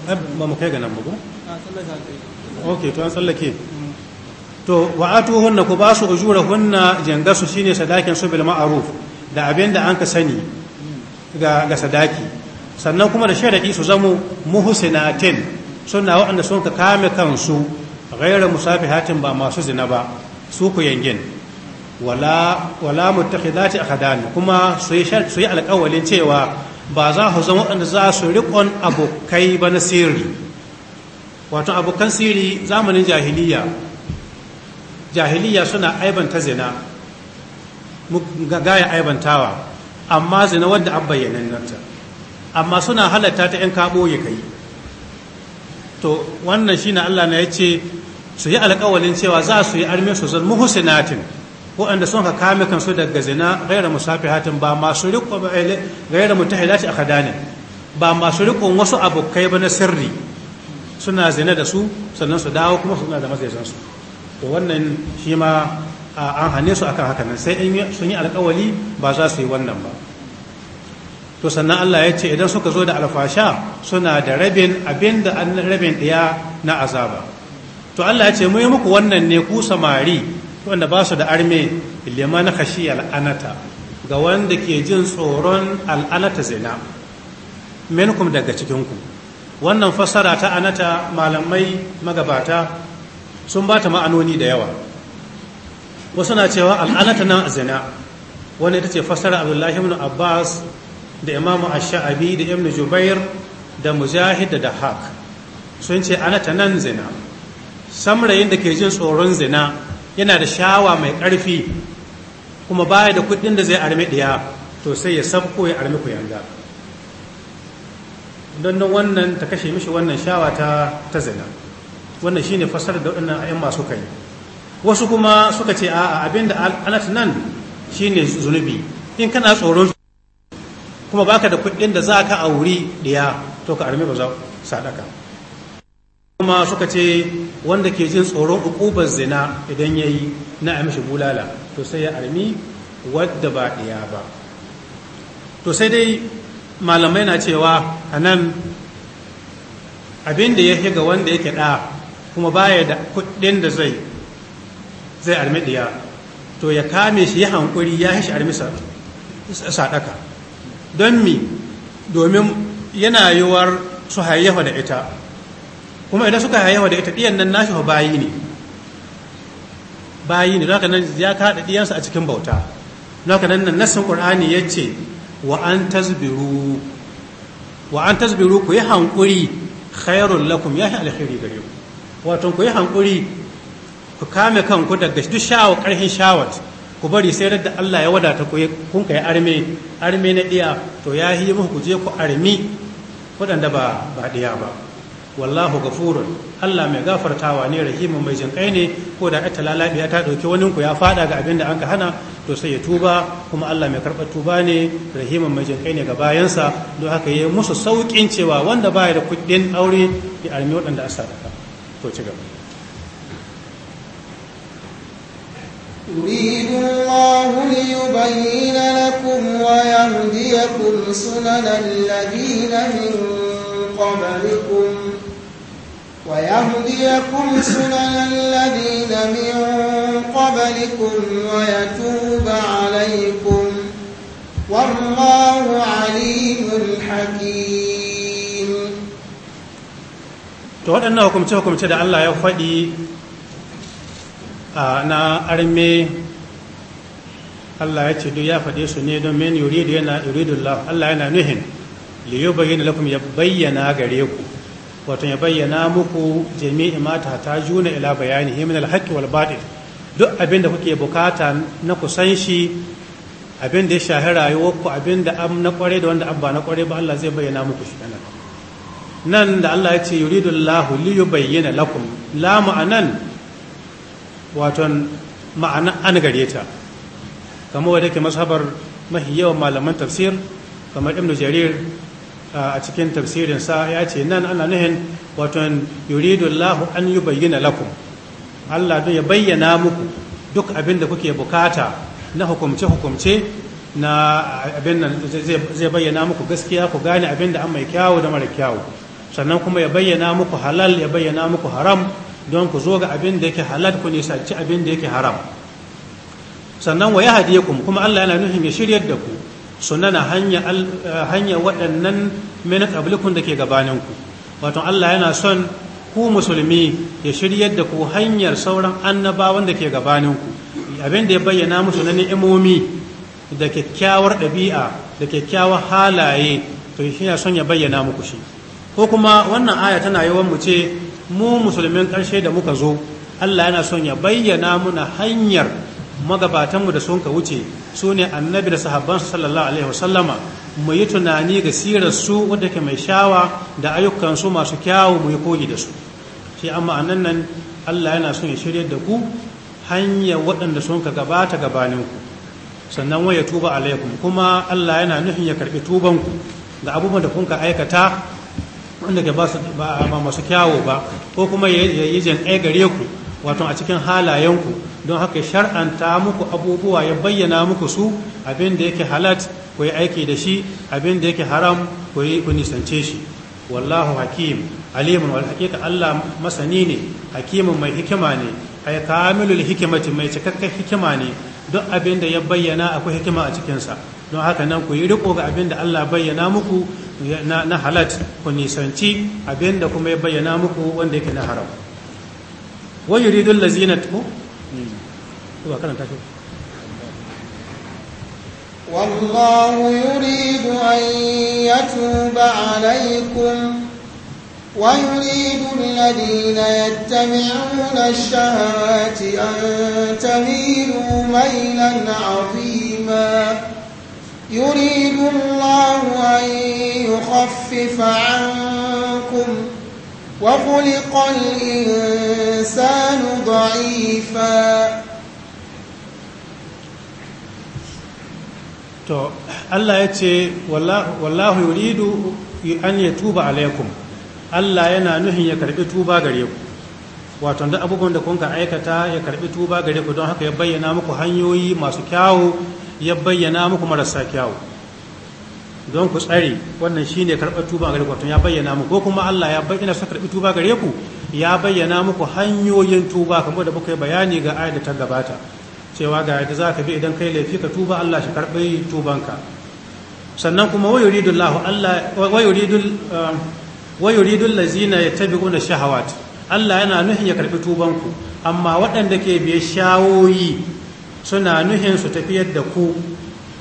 eh ba mu kai ga nan ah, ok to an tsallake to wa ku ba su hunna jangasu shine sadakin su bil ma'ruf da abin da an ka sani ga sadaki sannan kuma da sharadi su zamo muhusinatin suna waɗanda sun ka kame kansu musafi musafihatin ba masu zina ba su ku yangin wala wala muttakhidati akhdan kuma su yi su yi alƙawalin cewa ba za su zama waɗanda za su riƙon abokai ba na sirri wato abokan sirri zamanin jahiliya jahiliya suna aibanta zina gaya aibantawa amma zina wadda an nanta amma suna halatta ta 'yan kaɓo ya kai to wannan shi na allah na ya ce su yi alƙawalin cewa za su yi armi su zan muhusinatin waɗanda sun ka kame kansu daga zina gaira hatin ba masu riko eh, gaira ba masu rikon wasu abokai ba na sirri suna zina da su sannan su dawo kuma suna da mazaizansu to wannan shi ma an hane su akan haka nan sai sun yi alkawali ba za su yi wannan ba to sannan Allah ya ce idan suka zo da alfasha suna da rabin abin da an rabin ɗaya na azaba to Allah ya ce mu yi muku wannan ne ku samari wanda ba su da arme na kashi al'anata ga wanda ke jin tsoron al'anata zina menkum daga cikinku wannan fassara ta anata malamai magabata sun ba ta ma'anoni da yawa wasu na cewa al'anata na zina wani ita ce fassara abdullahi ibn abbas da Imam ash-sha'abi da ibn jubair da mujahid da dahak sun ce anata nan zina samrayin da ke jin tsoron zina yana da shawa mai ƙarfi kuma baya da kuɗin da zai armi ɗiya to sai ya sabko ya armi ku yanga don don wannan ta kashe mishi wannan shawa ta ta zina wannan shine fasar da waɗannan ayyan masu kai wasu kuma suka ce a'a abinda alat nan shine zunubi in kana tsoron kuma baka da kuɗin da za ka auri ɗiya to ka armi ba za sadaka kuma suka ce wanda ke jin tsoron ukubar zina idan ya yi na amshi bulala to sai ya armi wadda ba ɗaya ba to sai dai malamai na cewa a nan abin ya higa wanda yake ɗa kuma baya da kuɗin da zai zai armi ɗiya to ya kame shi ya hankuri ya shi armi sadaka don mi domin yana yiwuwar su hayyafa da ita kuma idan suka yawa da ita ɗiyan nan nashi bayi ne bayi ne zaka nan ya kaɗa ɗiyansa a cikin bauta zaka nan nan nassin qur'ani ya ce wa an tasbiru wa an tasbiru ku yi hankuri khairul lakum ya shi alkhairi gare ku wato ku yi hankuri ku kame kanku daga duk shawo ƙarfin shawat ku bari sai da Allah ya wadata ku kun kai arme arme na ɗiya to ya yi muku ku je ku armi waɗanda ba ba ɗiya ba wallahu gafurun Allah mai gafartawa ne rahimu mai jin ne ko da ta lalabiya ta dauki wani ku ya fada ga abin da an ka hana to sai ya tuba kuma Allah mai karɓar tuba ne rahimu mai jin kai ne ga bayansa don haka yi musu saukin cewa wanda baya da kuɗin aure ya armi waɗanda a sadaka to ci gaba يريد الله ليبين لكم ويهديكم سنن الذين من قبلكم ويهديكم سنن الذين من قبلكم ويتوب عليكم والله عليم حكيم to waɗannan hukumce-hukumce da Allah ya faɗi na arme Allah ya ce duk ya faɗe su ne don domin yuridu yana yuridullah Allah yana nuhin bayyana lakum ya bayyana gare ku wato ya bayyana muku jami'i mata ta juna ila bayani min alhaqi wal batil duk abin da kuke bukata na kusan shi abin da ya shahi rayuwarku abin da am na kware da wanda am ba na kware ba Allah zai bayyana muku shi kana nan da Allah ya ce yuridu Allahu li yubayyana lakum la ma'anan wato ma'ana an gare ta kamar wanda ke masabar mahi malaman tafsir kamar ibnu jarir a cikin tafsirin sa ya ce nan ana nuhin waton yuridu Allah an bayyana lakum Allah don ya bayyana muku duk abin da kuke bukata na hukumce hukumce na abin nan zai bayyana muku gaskiya ku gane abin da an mai kyawu da mara kyawu sannan kuma ya bayyana muku halal ya bayyana muku haram don ku zo ga abin da yake halal ku ne sace abin da yake haram sannan wa ya hadiye kuma Allah yana nuhin ya shiryar da ku sunana na hanya waɗannan min ƙablikun da ke gabaninku wato Allah yana son ku musulmi ya shiryar da ku hanyar sauran annabawan da ke gabaninku abin da ya bayyana musu na ni'imomi da kyakkyawar ɗabi'a da kyakkyawar halaye to shi ya son ya bayyana muku shi ko kuma wannan aya tana yawan mu ce mu musulmin ƙarshe da muka zo Allah yana son ya bayyana muna hanyar magabatanmu da sun ka wuce su ne annabi da sahabban sallallahu alaihi wasallama mu yi tunani ga sirar su wadda ke mai shawa da ayyukansu masu kyawu mu yi koyi da su sai amma annan nan Allah yana son ya shirya da ku hanya waɗanda sun ka gabata gabanin ku sannan waya tuba alaikum kuma Allah yana nufin ya karɓi tubanku ku da abubuwan da kun ka aikata wanda ke ba masu kyawu ba ko kuma ya yi jan gare ku wato a cikin halayenku don haka shar'anta muku abubuwa ya bayyana muku su abin da yake halat ku yi aiki da shi abin da yake haram ku yi ku nisance shi wallahu hakim alimun wal hakika Allah masani ne hakimin mai hikima ne ay kamilul hikimati mai cikakken hikima ne duk abin da ya bayyana akwai hikima a cikinsa don haka nan ku yi riko ga abin da Allah bayyana muku na halat ku nisanci abin da kuma ya bayyana muku wanda yake na haram wa yuridul lazina والله يريد أن يتوب عليكم ويريد الذين يتبعون الشهوات أن تميلوا ميلا عظيما يريد الله أن يخفف عنكم وخلق الإنسان ضعيفا to Allah ya ce wallahu yuridu an ya tuba alaikum Allah yana nuhin ya karbi tuba gare ku wato da abubuwan da kun aikata ya karbi tuba gare ku don haka ya bayyana muku hanyoyi masu kyawu ya bayyana muku marasa kyawu don ku tsare wannan shine karɓar tuba gare ku wato ya bayyana muku ko kuma Allah ya bayyana sa karɓi tuba gare ku ya bayyana muku hanyoyin tuba kamar da muka bayani ga ayat ta gabata cewa ga yadda za ka bi idan kai laifi ka tuba Allah shi karɓi tubanka sannan kuma wa yuridu Allah Allah wa yuridu um, wa yuridu allazina yattabi'una shahawat Allah yana nuhin ya karɓi tubanku amma waɗanda ke biya shawoyi suna nuhin su tafiyar da ku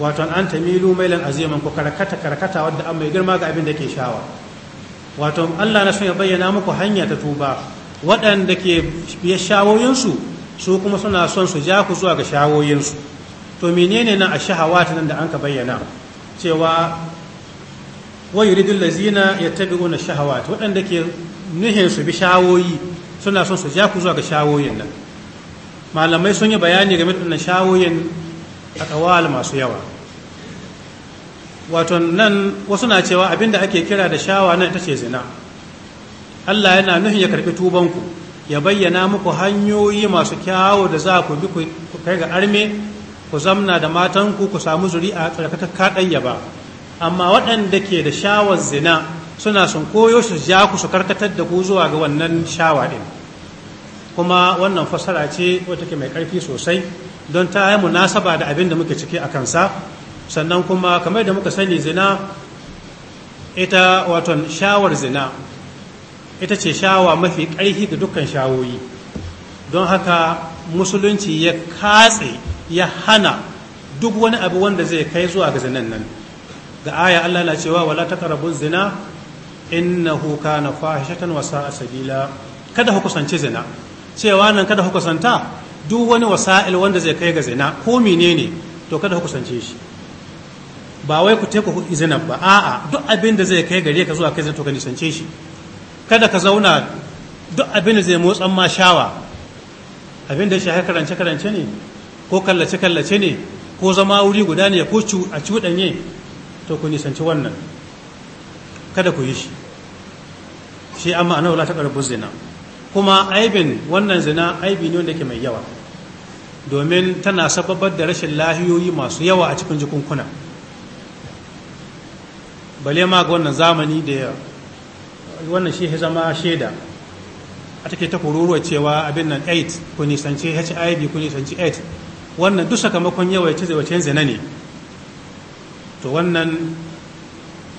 wato an ta milu mailan aziman ku karkata karkata wadda an mai girma ga abin da ke shawa wato Allah na son ya bayyana muku hanya ta tuba waɗanda ke biya shawoyinsu su kuma suna son su ja ku zuwa ga shawoyinsu to menene nan a shahawata nan da an ka bayyana cewa wa yuridul lazina yattabi'una shahawat waɗanda ke nuhin su bi shawoyi suna son su ja ku zuwa ga shawoyin nan malamai sun yi bayani game da shawoyin akawal masu yawa wato nan wasu na cewa abinda ake kira da shawa nan ita ce zina Allah yana nuhin ya karbi tubanku ya bayyana muku hanyoyi masu kyawo da za ku bi ku kai ga arme ku zamna da matanku ku samu zuri'a tsarkaka kaɗayya ba amma waɗanda ke da shawar zina suna sun koyo su ja ku su karkatar da ku zuwa ga wannan shawa ɗin kuma wannan fassara ce wata ke mai ƙarfi sosai don ta yi munasaba da abin da muke ciki a kansa sannan kuma kamar da muka sani zina ita waton shawar zina ita ce shawa mafi ƙarfi da dukkan shawoyi don haka musulunci ya katse ya hana duk wani abu wanda zai kai zuwa ga zinan nan ga aya Allah na cewa wala taqrabu zina innahu kana fahishatan wa sa'a sabila kada ku kusance zina cewa nan kada ku kusanta duk wani wasa'il wanda zai kai ga zina ko menene to kada ku kusance shi ba wai ku teku izinin ba a'a duk abin da zai kai gare ka zuwa kai zina to ka nisance shi kada ka zauna duk abin da zai motsan ma shawa abin da shi haka karance karance ne ko kallace kallace ne ko zama wuri guda ne ko a cuɗanye to ku nisanci wannan kada ku yi shi shi amma ana wala ta karbu zina kuma aibin wannan zina aibi ne wanda ke mai yawa domin tana sababar da rashin lahiyoyi masu yawa a cikin jikunkuna bale ma ga wannan zamani da ya wannan shi ya zama shaida a take ta kururuwa cewa abin nan 8 kuni nisanci hiv kuni nisanci 8 wannan duk sakamakon zai zawaicen zina ne to wannan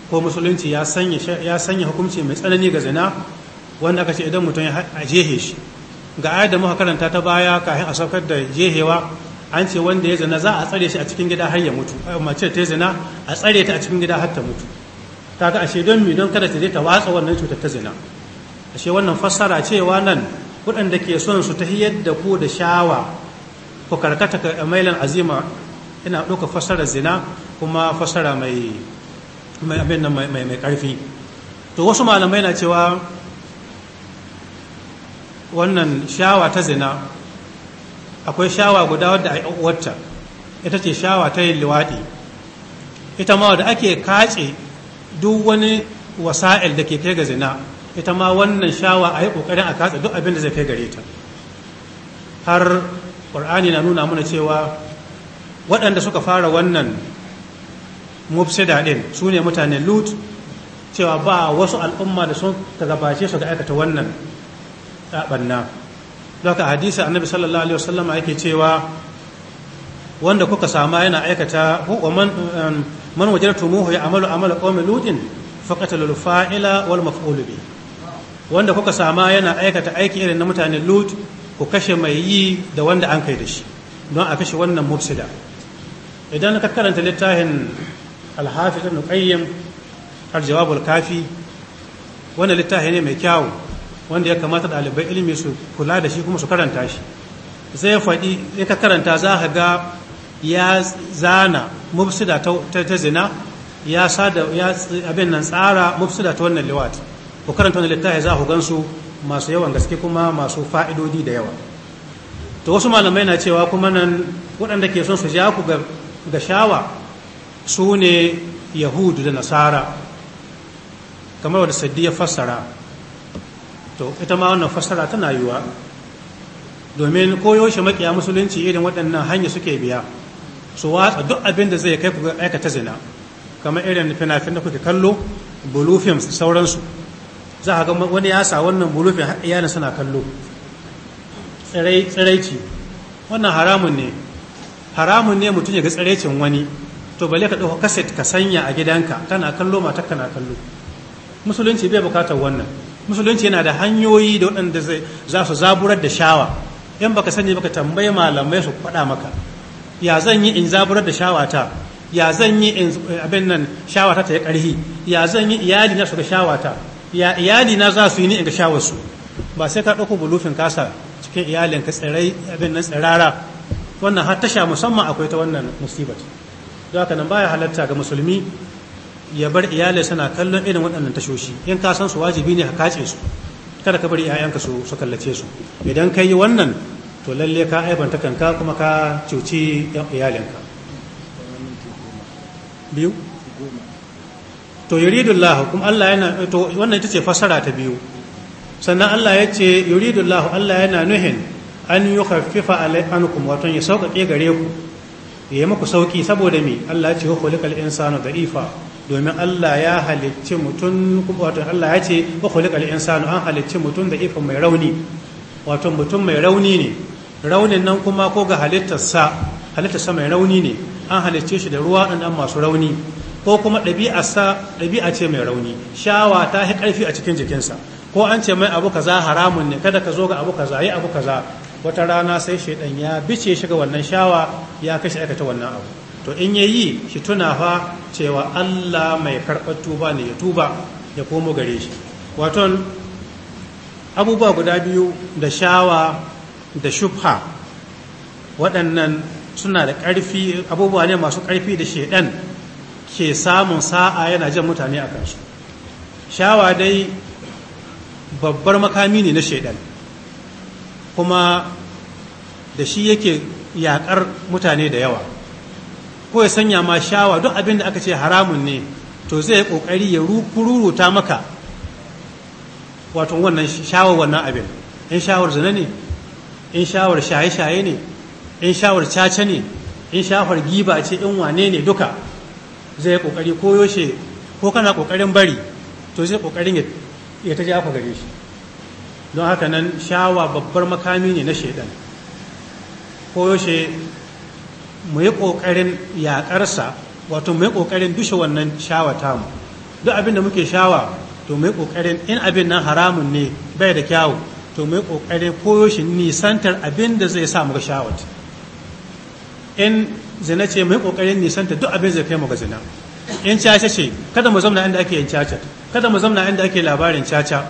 ko musulunci ya sanya hukunci mai tsanani ga zina wanda aka ce idan mutum ya ajehe shi ga ayar da muka karanta ta baya kafin a saukar da jehewa an ce wanda ya zina za a tsare shi a cikin gida har ya mutu eh, mace ta zina a tsare ta a cikin gida har ta mutu ta ga ashe don mi don kada ta je ta watsa wannan cutar ta zina ashe wannan fassara cewa nan waɗanda ke son su ta hiyar da ku da shawa ku karkata ka mailan azima ina ɗauka fassara zina kuma fassara mai karfi to wasu malamai na cewa wannan shawa ta zina akwai shawa guda wadda a uwarta ita ce shawa ta yin liwaɗi ita ma wadda ake kace duk wani wasa'il da ke kai ga zina ita ma wannan shawa a yi ƙoƙarin a katse duk abin da zai kai gare ta har ƙur'ani na nuna mana cewa waɗanda suka fara wannan mufsida ɗin su ne mutanen lut cewa ba wasu al'umma da sun gabace su ga aikata wannan banna daga hadisi annabi sallallahu alaihi wasallama yake cewa wanda kuka sama yana aikata man um, man wajartumuhu ya'malu amala qawmi lutin faqatalu fa'ila wal maf'ul wanda kuka sama yana aikata aiki irin na mutane lut ku kashe mai yi da wanda an kai da shi don a kashe wannan mufsida idan ka karanta littafin alhafi ibn qayyim har jawab kafi wannan littafi ne mai kyawu wanda ya kamata ɗalibai ilimi su kula da shi kuma su karanta shi zai faɗi ya ka karanta za ka ga ya zana mufsida ta zina ya sada ya abin nan tsara mufsida ta wannan liwat ku karanta wannan littafi za ku gansu masu yawan gaske kuma masu fa'idodi da yawa to wasu malamai na cewa kuma nan waɗanda ke son su ja ku ga shawa su ne yahudu da nasara kamar wadda saddi ya fassara to ita ma wannan fassara tana yiwuwa domin koyaushe makiya musulunci irin waɗannan hanya suke biya su watsa duk abin da zai kai ku aikata zina kamar irin fina da kuke kallo bulufin sauransu za a ga wani yasa sa wannan bulufin iyalin suna kallo tsiraici wannan haramun ne haramun ne mutum ya ga tsiraicin wani to bale ka ɗauka kaset ka sanya a gidanka tana kallo matakka na kallo musulunci bai bukatar wannan musulunci yana da hanyoyi da waɗanda za su zaburar da shawa yan baka sani baka tambaye malamai su faɗa maka ya zan yi in zaburar da shawata ya zan yi in eh, abin nan shawata ta yi ƙarhi ya zan yi iyali na su ga shawata ya iyali na za su yi ni in ga shawarsu ba sai ka ɗauko bulufin kasa cikin iyalin ka tsirai abin nan tsirara wannan har tasha musamman akwai ta wannan musibat don haka baya halatta ga musulmi ya bar iyalai suna kallon irin waɗannan tashoshi in ka san su wajibi ne ka kace su kada ka bari iyayenka su su kallace su idan ka yi wannan to lalle ka aibanta kanka kuma ka cuci iyalinka biyu to yuridullahu kuma Allah yana to wannan ita ce fasara ta biyu sannan Allah ya ce yuridullahu Allah yana nuhin an yi yukhaffifa alaikum wato ya sauƙaƙe gare ku ya yi muku sauƙi saboda me Allah ya ce hukulikal insanu da'ifa domin Allah ya halicci mutum wato Allah ya ce wa khuliqal insanu an halicci mutum da ifin mai rauni wato mutum mai rauni ne raunin nan kuma ko ga halittarsa halittarsa mai rauni ne an halicce shi da ruwa dan masu rauni ko kuma ɗabi'arsa ɗabi'a ce mai rauni shawa ta yi ƙarfi a cikin jikinsa ko an ce mai abu kaza haramun ne kada ka zo ga abu kaza yi abu kaza wata rana sai shaidan ya bice ga wannan shawa ya kashe aikata wannan abu to in ya yi shi tuna fa cewa Allah mai karɓar tuba ne ya tuba ya komo gare shi waton abubuwa guda biyu da shawa da shubha waɗannan suna da ƙarfi abubuwa ne masu ƙarfi da shaidan ke samun sa'a yana jan mutane a kansu shawa dai babbar makami ne na shaidan kuma da shi yake yaƙar mutane da yawa ko ya sanya ma shawa duk abin da aka ce haramun ne to zai kokari ya ruruta maka wato wannan shawar wannan abin in shawar zina ne in shawar shaye-shaye ne in shawar caca ne in shawar giba ce in wane ne duka zai kokari ko yoshe ko kana kokarin bari to zai kokarin ya ta jafa gare shi don haka nan shawa babbar makami ne na shaidan ko yoshe mu yi ƙoƙarin yaƙarsa wato mu yi ƙoƙarin dushe wannan shawata mu duk abin da muke shawa to mu yi ƙoƙarin in abin nan haramun ne bai da kyawu to mu yi ƙoƙarin koyo nisantar abin da zai sa mu ga shawat in zina ce mu yi ƙoƙarin nisantar duk abin zai kai mu ga zina in caca ce kada mu zauna inda ake yin caca kada mu zauna inda ake labarin caca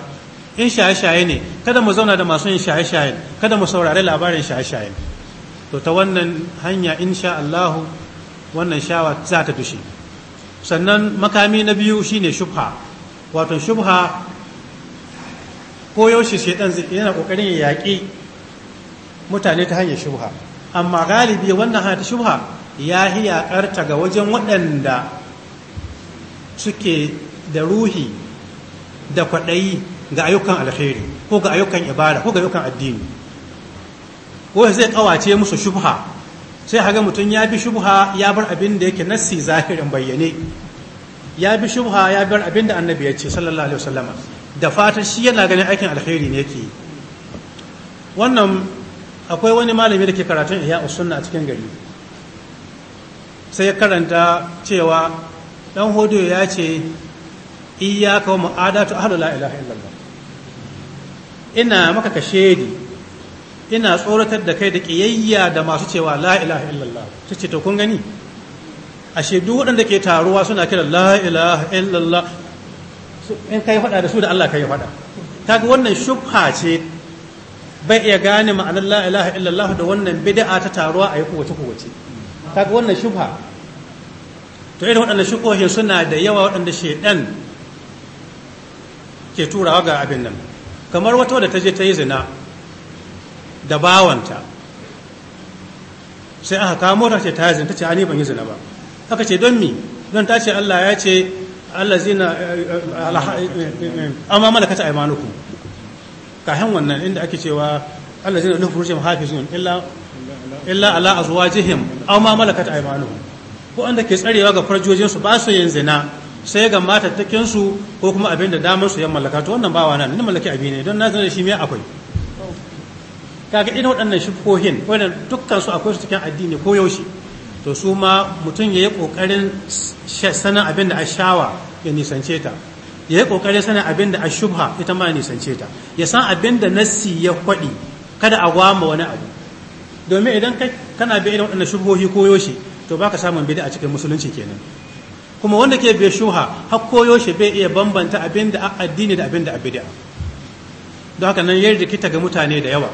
in shaye-shaye ne kada mu zauna da masu yin shaye-shaye kada mu saurari labarin shaye-shaye to ta wannan hanya insha Allah wannan shawa za ta dushe sannan makami na biyu shine shubha wato shubha ko yaushe shedan yana kokarin ya yaƙi mutane ta hanyar shubha amma galibi wannan hanya ta shubha ya hi yaƙarta ga wajen waɗanda suke da ruhi da kwaɗayi ga ayyukan alheri ko ga ayyukan ibada ko ga ayyukan addini ko zai kawace musu shubha sai haga mutum ya bi shubha ya bar abin da yake nassi zahirin bayyane ya bi shubha ya bar abin da annabi ya ce sallallahu alaihi wasallama da fatan shi yana ganin aikin alkhairi ne yake wannan akwai wani malami da ke karatun ihya usunna a cikin gari sai ya karanta cewa dan hodo ya ce iyyaka wa mu'adatu ahlul la ilaha illallah ina maka kashedi ina tsoratar da kai da ƙiyayya da masu cewa la ilaha illallah ta ce to kun gani A shaidu waɗanda ke taruwa suna kira la ilaha illallah in kai faɗa da su da Allah kai faɗa ga wannan shubha ce bai iya gane ma'anar la ilaha illallah da wannan bida'a ta taruwa a yi kowace kowace Ta ga wannan shubha to irin waɗanda shubohin suna da yawa waɗanda shaidan ke turawa ga abin nan kamar wata wadda ta je ta yi zina da bawanta sai aka kamo ta ce ta zina ta ce ani ban yi zina ba aka ce don mi don ta ce Allah ya ce Allah zina eh, eh, eh, amma malakata aimanukum kahin wannan inda ake cewa Allah zina lufin rushin hafizun illa illa ala azwajihim aw ma malakat aymanuhum ko anda ke tsarewa ga farjojin su ba su yin zina sai ga matattakin su ko kuma abin da damar su ya mallaka to wannan bawa nan ni mallaki abi ne don na zina shi me akwai kaga irin waɗannan shubuhohin wannan dukkan su akwai su cikin addini ko yaushe to su ma mutum ya yi ƙoƙarin sanin abin da a shawa ya nisance ta ya yi ƙoƙarin sanin abin da a shubha ita ma nisance ta ya san abin da nassi ya kwaɗi kada a gwama wani abu domin idan kana bi irin waɗannan shubhohi ko yaushe to baka samun bid'a a cikin musulunci kenan kuma wanda ke bai shuha har ko yaushe bai iya bambanta abin da addini da abin da a bid'a don haka nan ya rikita ga mutane da yawa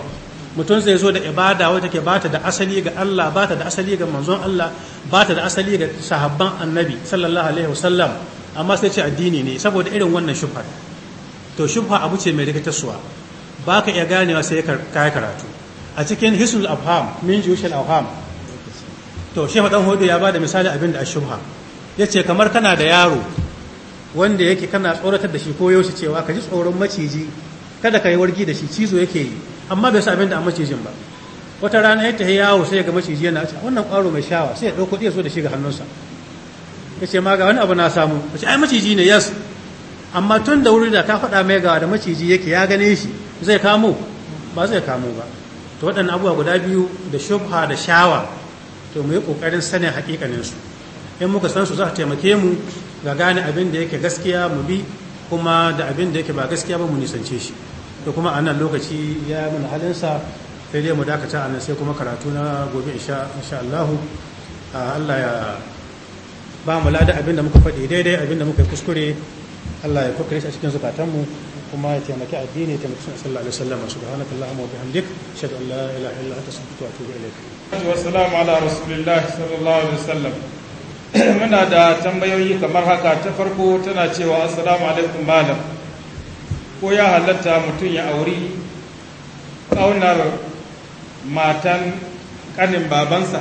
mutum zai zo da ibada wata ke bata da asali ga Allah bata da asali ga manzon Allah bata da asali ga sahabban annabi sallallahu alaihi wasallam amma sai ce addini ne saboda irin wannan shufa to shubha abu ce mai rikitarsuwa ba ka iya ganewa sai ka yi karatu a cikin hisul afham min jushal afham to shehu dan hudu ya ba da misali abin da ashubha yace kamar kana da yaro wanda yake kana tsoratar da shi ko yaushe cewa ka ji tsoron maciji kada ka yi wargi da shi cizo yake yi amma bai sa abin da a macijin ba wata rana ya tafi yawo sai ga maciji yana ce wannan ƙwaro mai shawa sai ya ɗauko ɗaya so da shi ga hannunsa ya ce ma ga wani abu na samu ya ce ai maciji ne yas amma tun da wuri da ka faɗa mai gawa da maciji yake ya gane shi zai kamo ba zai kamo ba to waɗannan abubuwa guda biyu da shubha da shawa to mu yi ƙoƙarin sanin haƙiƙaninsu in muka san su za a taimake mu ga gane abin da yake gaskiya mu bi kuma da abin da yake ba gaskiya ba mu nisance shi da kuma a nan lokaci ya yi mana halinsa sai dai mu dakata a nan sai kuma karatu na gobe insha Allah Allah ya ba mu lada abinda muka faɗi daidai abinda muka yi kuskure Allah ya kokare shi a cikin zukatanmu kuma ya taimaki addini ya taimaki sunan sallallahu alaihi wasallam subhanakallahumma wa bihamdik ashhadu an la ilaha illa anta astaghfiruka wa atubu ilaik wa salamu ala rasulillah sallallahu alaihi wasallam muna da tambayoyi kamar haka ta farko tana cewa assalamu alaikum malam ko ya halatta mutum ya auri ƙaunar matan ƙanin babansa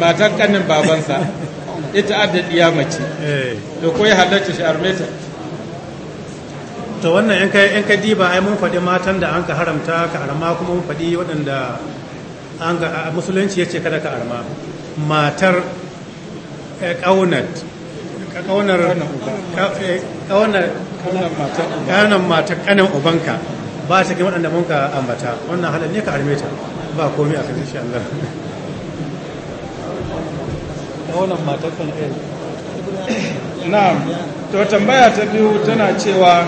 matan ƙanin babansa ita adadiya mace da ko ya halatta shi armeta to wannan yan ka diba ai mun faɗi matan da an ka haramta ka arma kuma mun faɗi waɗanda an ga musulunci ya ce kada ka arma matar Eh, ƙaunat eh, ƙaunar ƙaunar mata ƙanan ubanka ba ta gina waɗanda mun ka ambata wannan halar ne ka harme ta ba komi a kan shi Allah ƙaunar mata ƙanan na'am to tambaya ta biyu tana cewa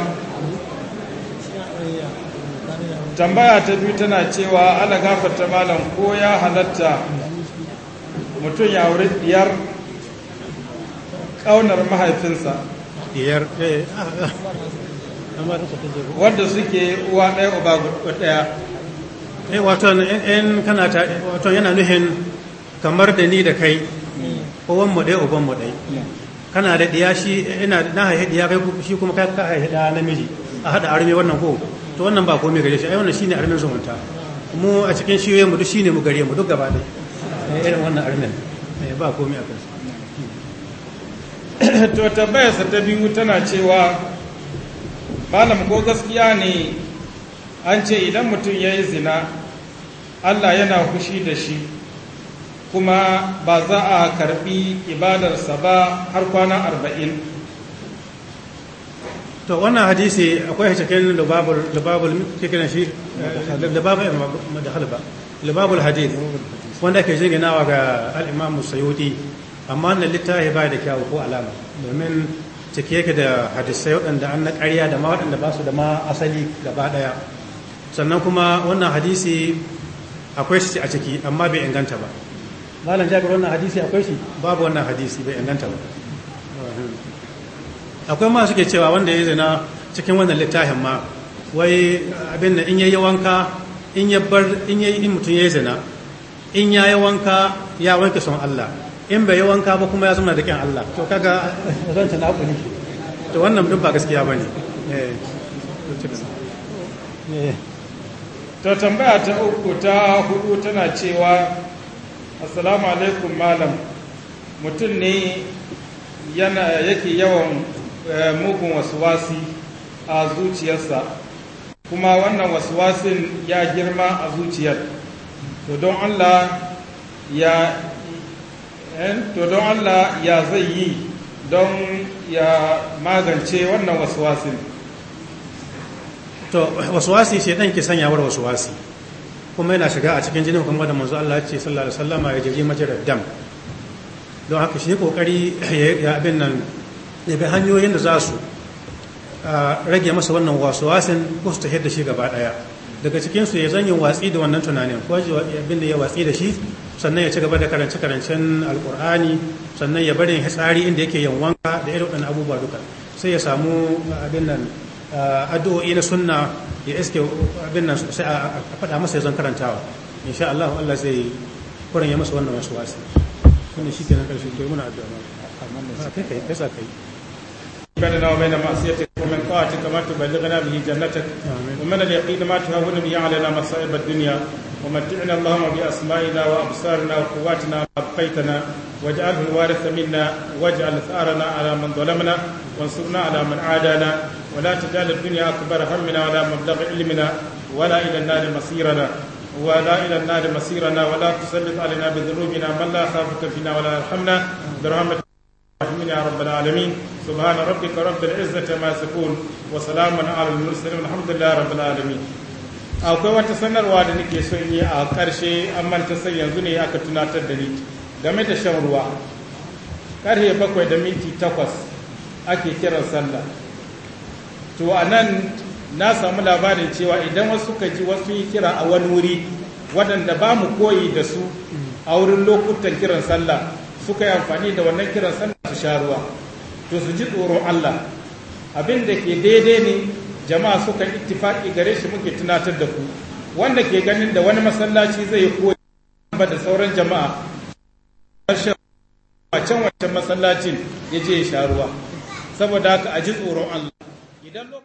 tambaya ta biyu tana cewa ala gafarta malam ko ya halatta mutum ya wuri diyar. kaunar mahaifinsa eh, ah, ah. wadda suke uwa ɗaya uba ɗaya eh, wato in eh, kana ta wato yana nuhin kamar da ni da kai mm. uwan mu ɗaya uban mu ɗaya mm. kana da diya shi ina na haihe diya kai shi kuma kai ka haihe da namiji a hada arme wannan ko to wannan ba komai gare shi ai wannan shine armen zumunta mu a cikin shiyoyin mu duk shine mu gare mu duk gaba ɗaya irin wannan armen ba komai a kansa to tambayarsa ta biyu tana cewa malam ko gaskiya ne an ce idan mutum ya yi zina allah yana fushi da shi kuma ba za a karbi ibadarsa ba har kwana arba'in to wannan hadisi akwai cikin lubabul cikin shi lubabul da eh, halba lubabul hadith wanda ke jinginawa ga al'imamu sayuti amma wannan littafi ba da kyawu ko alama domin cike yake da hadisai waɗanda an na ƙarya da ma waɗanda ba su da ma asali gaba ɗaya sannan kuma wannan hadisi akwai shi a ciki amma bai inganta ba malam jabir wannan hadisi akwai shi babu wannan hadisi bai inganta ba akwai ma suke cewa wanda ya zina cikin wannan littafin ma wai abin da in yi wanka in ya bar in yi mutum ya zina in ya yi wanka ya wanke son Allah in bai yi wanka ba kuma ya zama da kyan Allah to kaga zan ta na ne to wannan duk ba gaskiya ba ne. Eh, eh. to tambaya ta uku ta hudu tana cewa assalamu alaikum malam mutum ne yana yake yawan eh, mugun wasuwasi a zuciyarsa kuma wannan wasuwasin ya girma a zuciyar to don Allah ya Eh, to don Allah ya zai yi don ya magance wannan wasuwasin to wasuwasi shi dan ke sanyawar wasuwasi kuma yana shiga a cikin jinin kuma da manzo Allah ce sallallahu alaihi wasallam ya jiri majarar dam don haka shi kokari ya abin nan ya bi hanyoyin da za su ah, rage masa wannan wasuwasin ko su tafi da shi gaba daya daga cikinsu ya zanyi watsi da wannan tunanin ko abin da ya watsi da shi sannan ya ci gaba da karance karancen alkur'ani sannan ya bari hitsari inda yake yin wanka da irin wannan abubuwa duka sai ya samu uh, abin nan uh, addu'o'i na sunna ya iske uh, abin nan sai a faɗa masa ya zan karantawa insha Allah Allah zai kuran ya masa wannan wasu wasu shi kenan karshe to muna addu'a amma ah, kai kai kai بيننا وبين معصيتك ومن طاعتك ما تبلغنا به جنتك ومن اليقين ما تهون به علينا مصائب الدنيا ومتعنا اللهم بأسمائنا وأبصارنا وقواتنا ما أبقيتنا واجعله الوارث منا واجعل ثأرنا على من ظلمنا وانصرنا على من عادانا ولا تجعل الدنيا أكبر همنا ولا مبلغ علمنا ولا إلى النار مصيرنا ولا إلى النار مصيرنا ولا تسلط علينا بذنوبنا من لا خافك فينا ولا يرحمنا برحمتك الحمد يا رب العالمين سبحان ربك رب العزة ما يصفون وسلام على المرسلين لله رب العالمين akwai wata sanarwa da nake son yi a ƙarshe amma ta san yanzu ne aka tunatar da ni game da shan ruwa ƙarfe bakwai da minti takwas ake kiran sallah to a nan na samu labarin cewa idan wasu suka ji wasu yi kira a wani wuri waɗanda ba mu koyi da su a wurin lokutan kiran sallah suka yi amfani da wannan kiran sannan su sha ruwa to su ji tsoro Allah abin da ke daidai ne jama'a suka ittifaki gare shi muke tunatar da ku wanda ke ganin da wani masallaci zai yi koyi da sauran jama'a a can wancan masallacin ya je ya sha ruwa saboda haka a ji tsoron Allah idan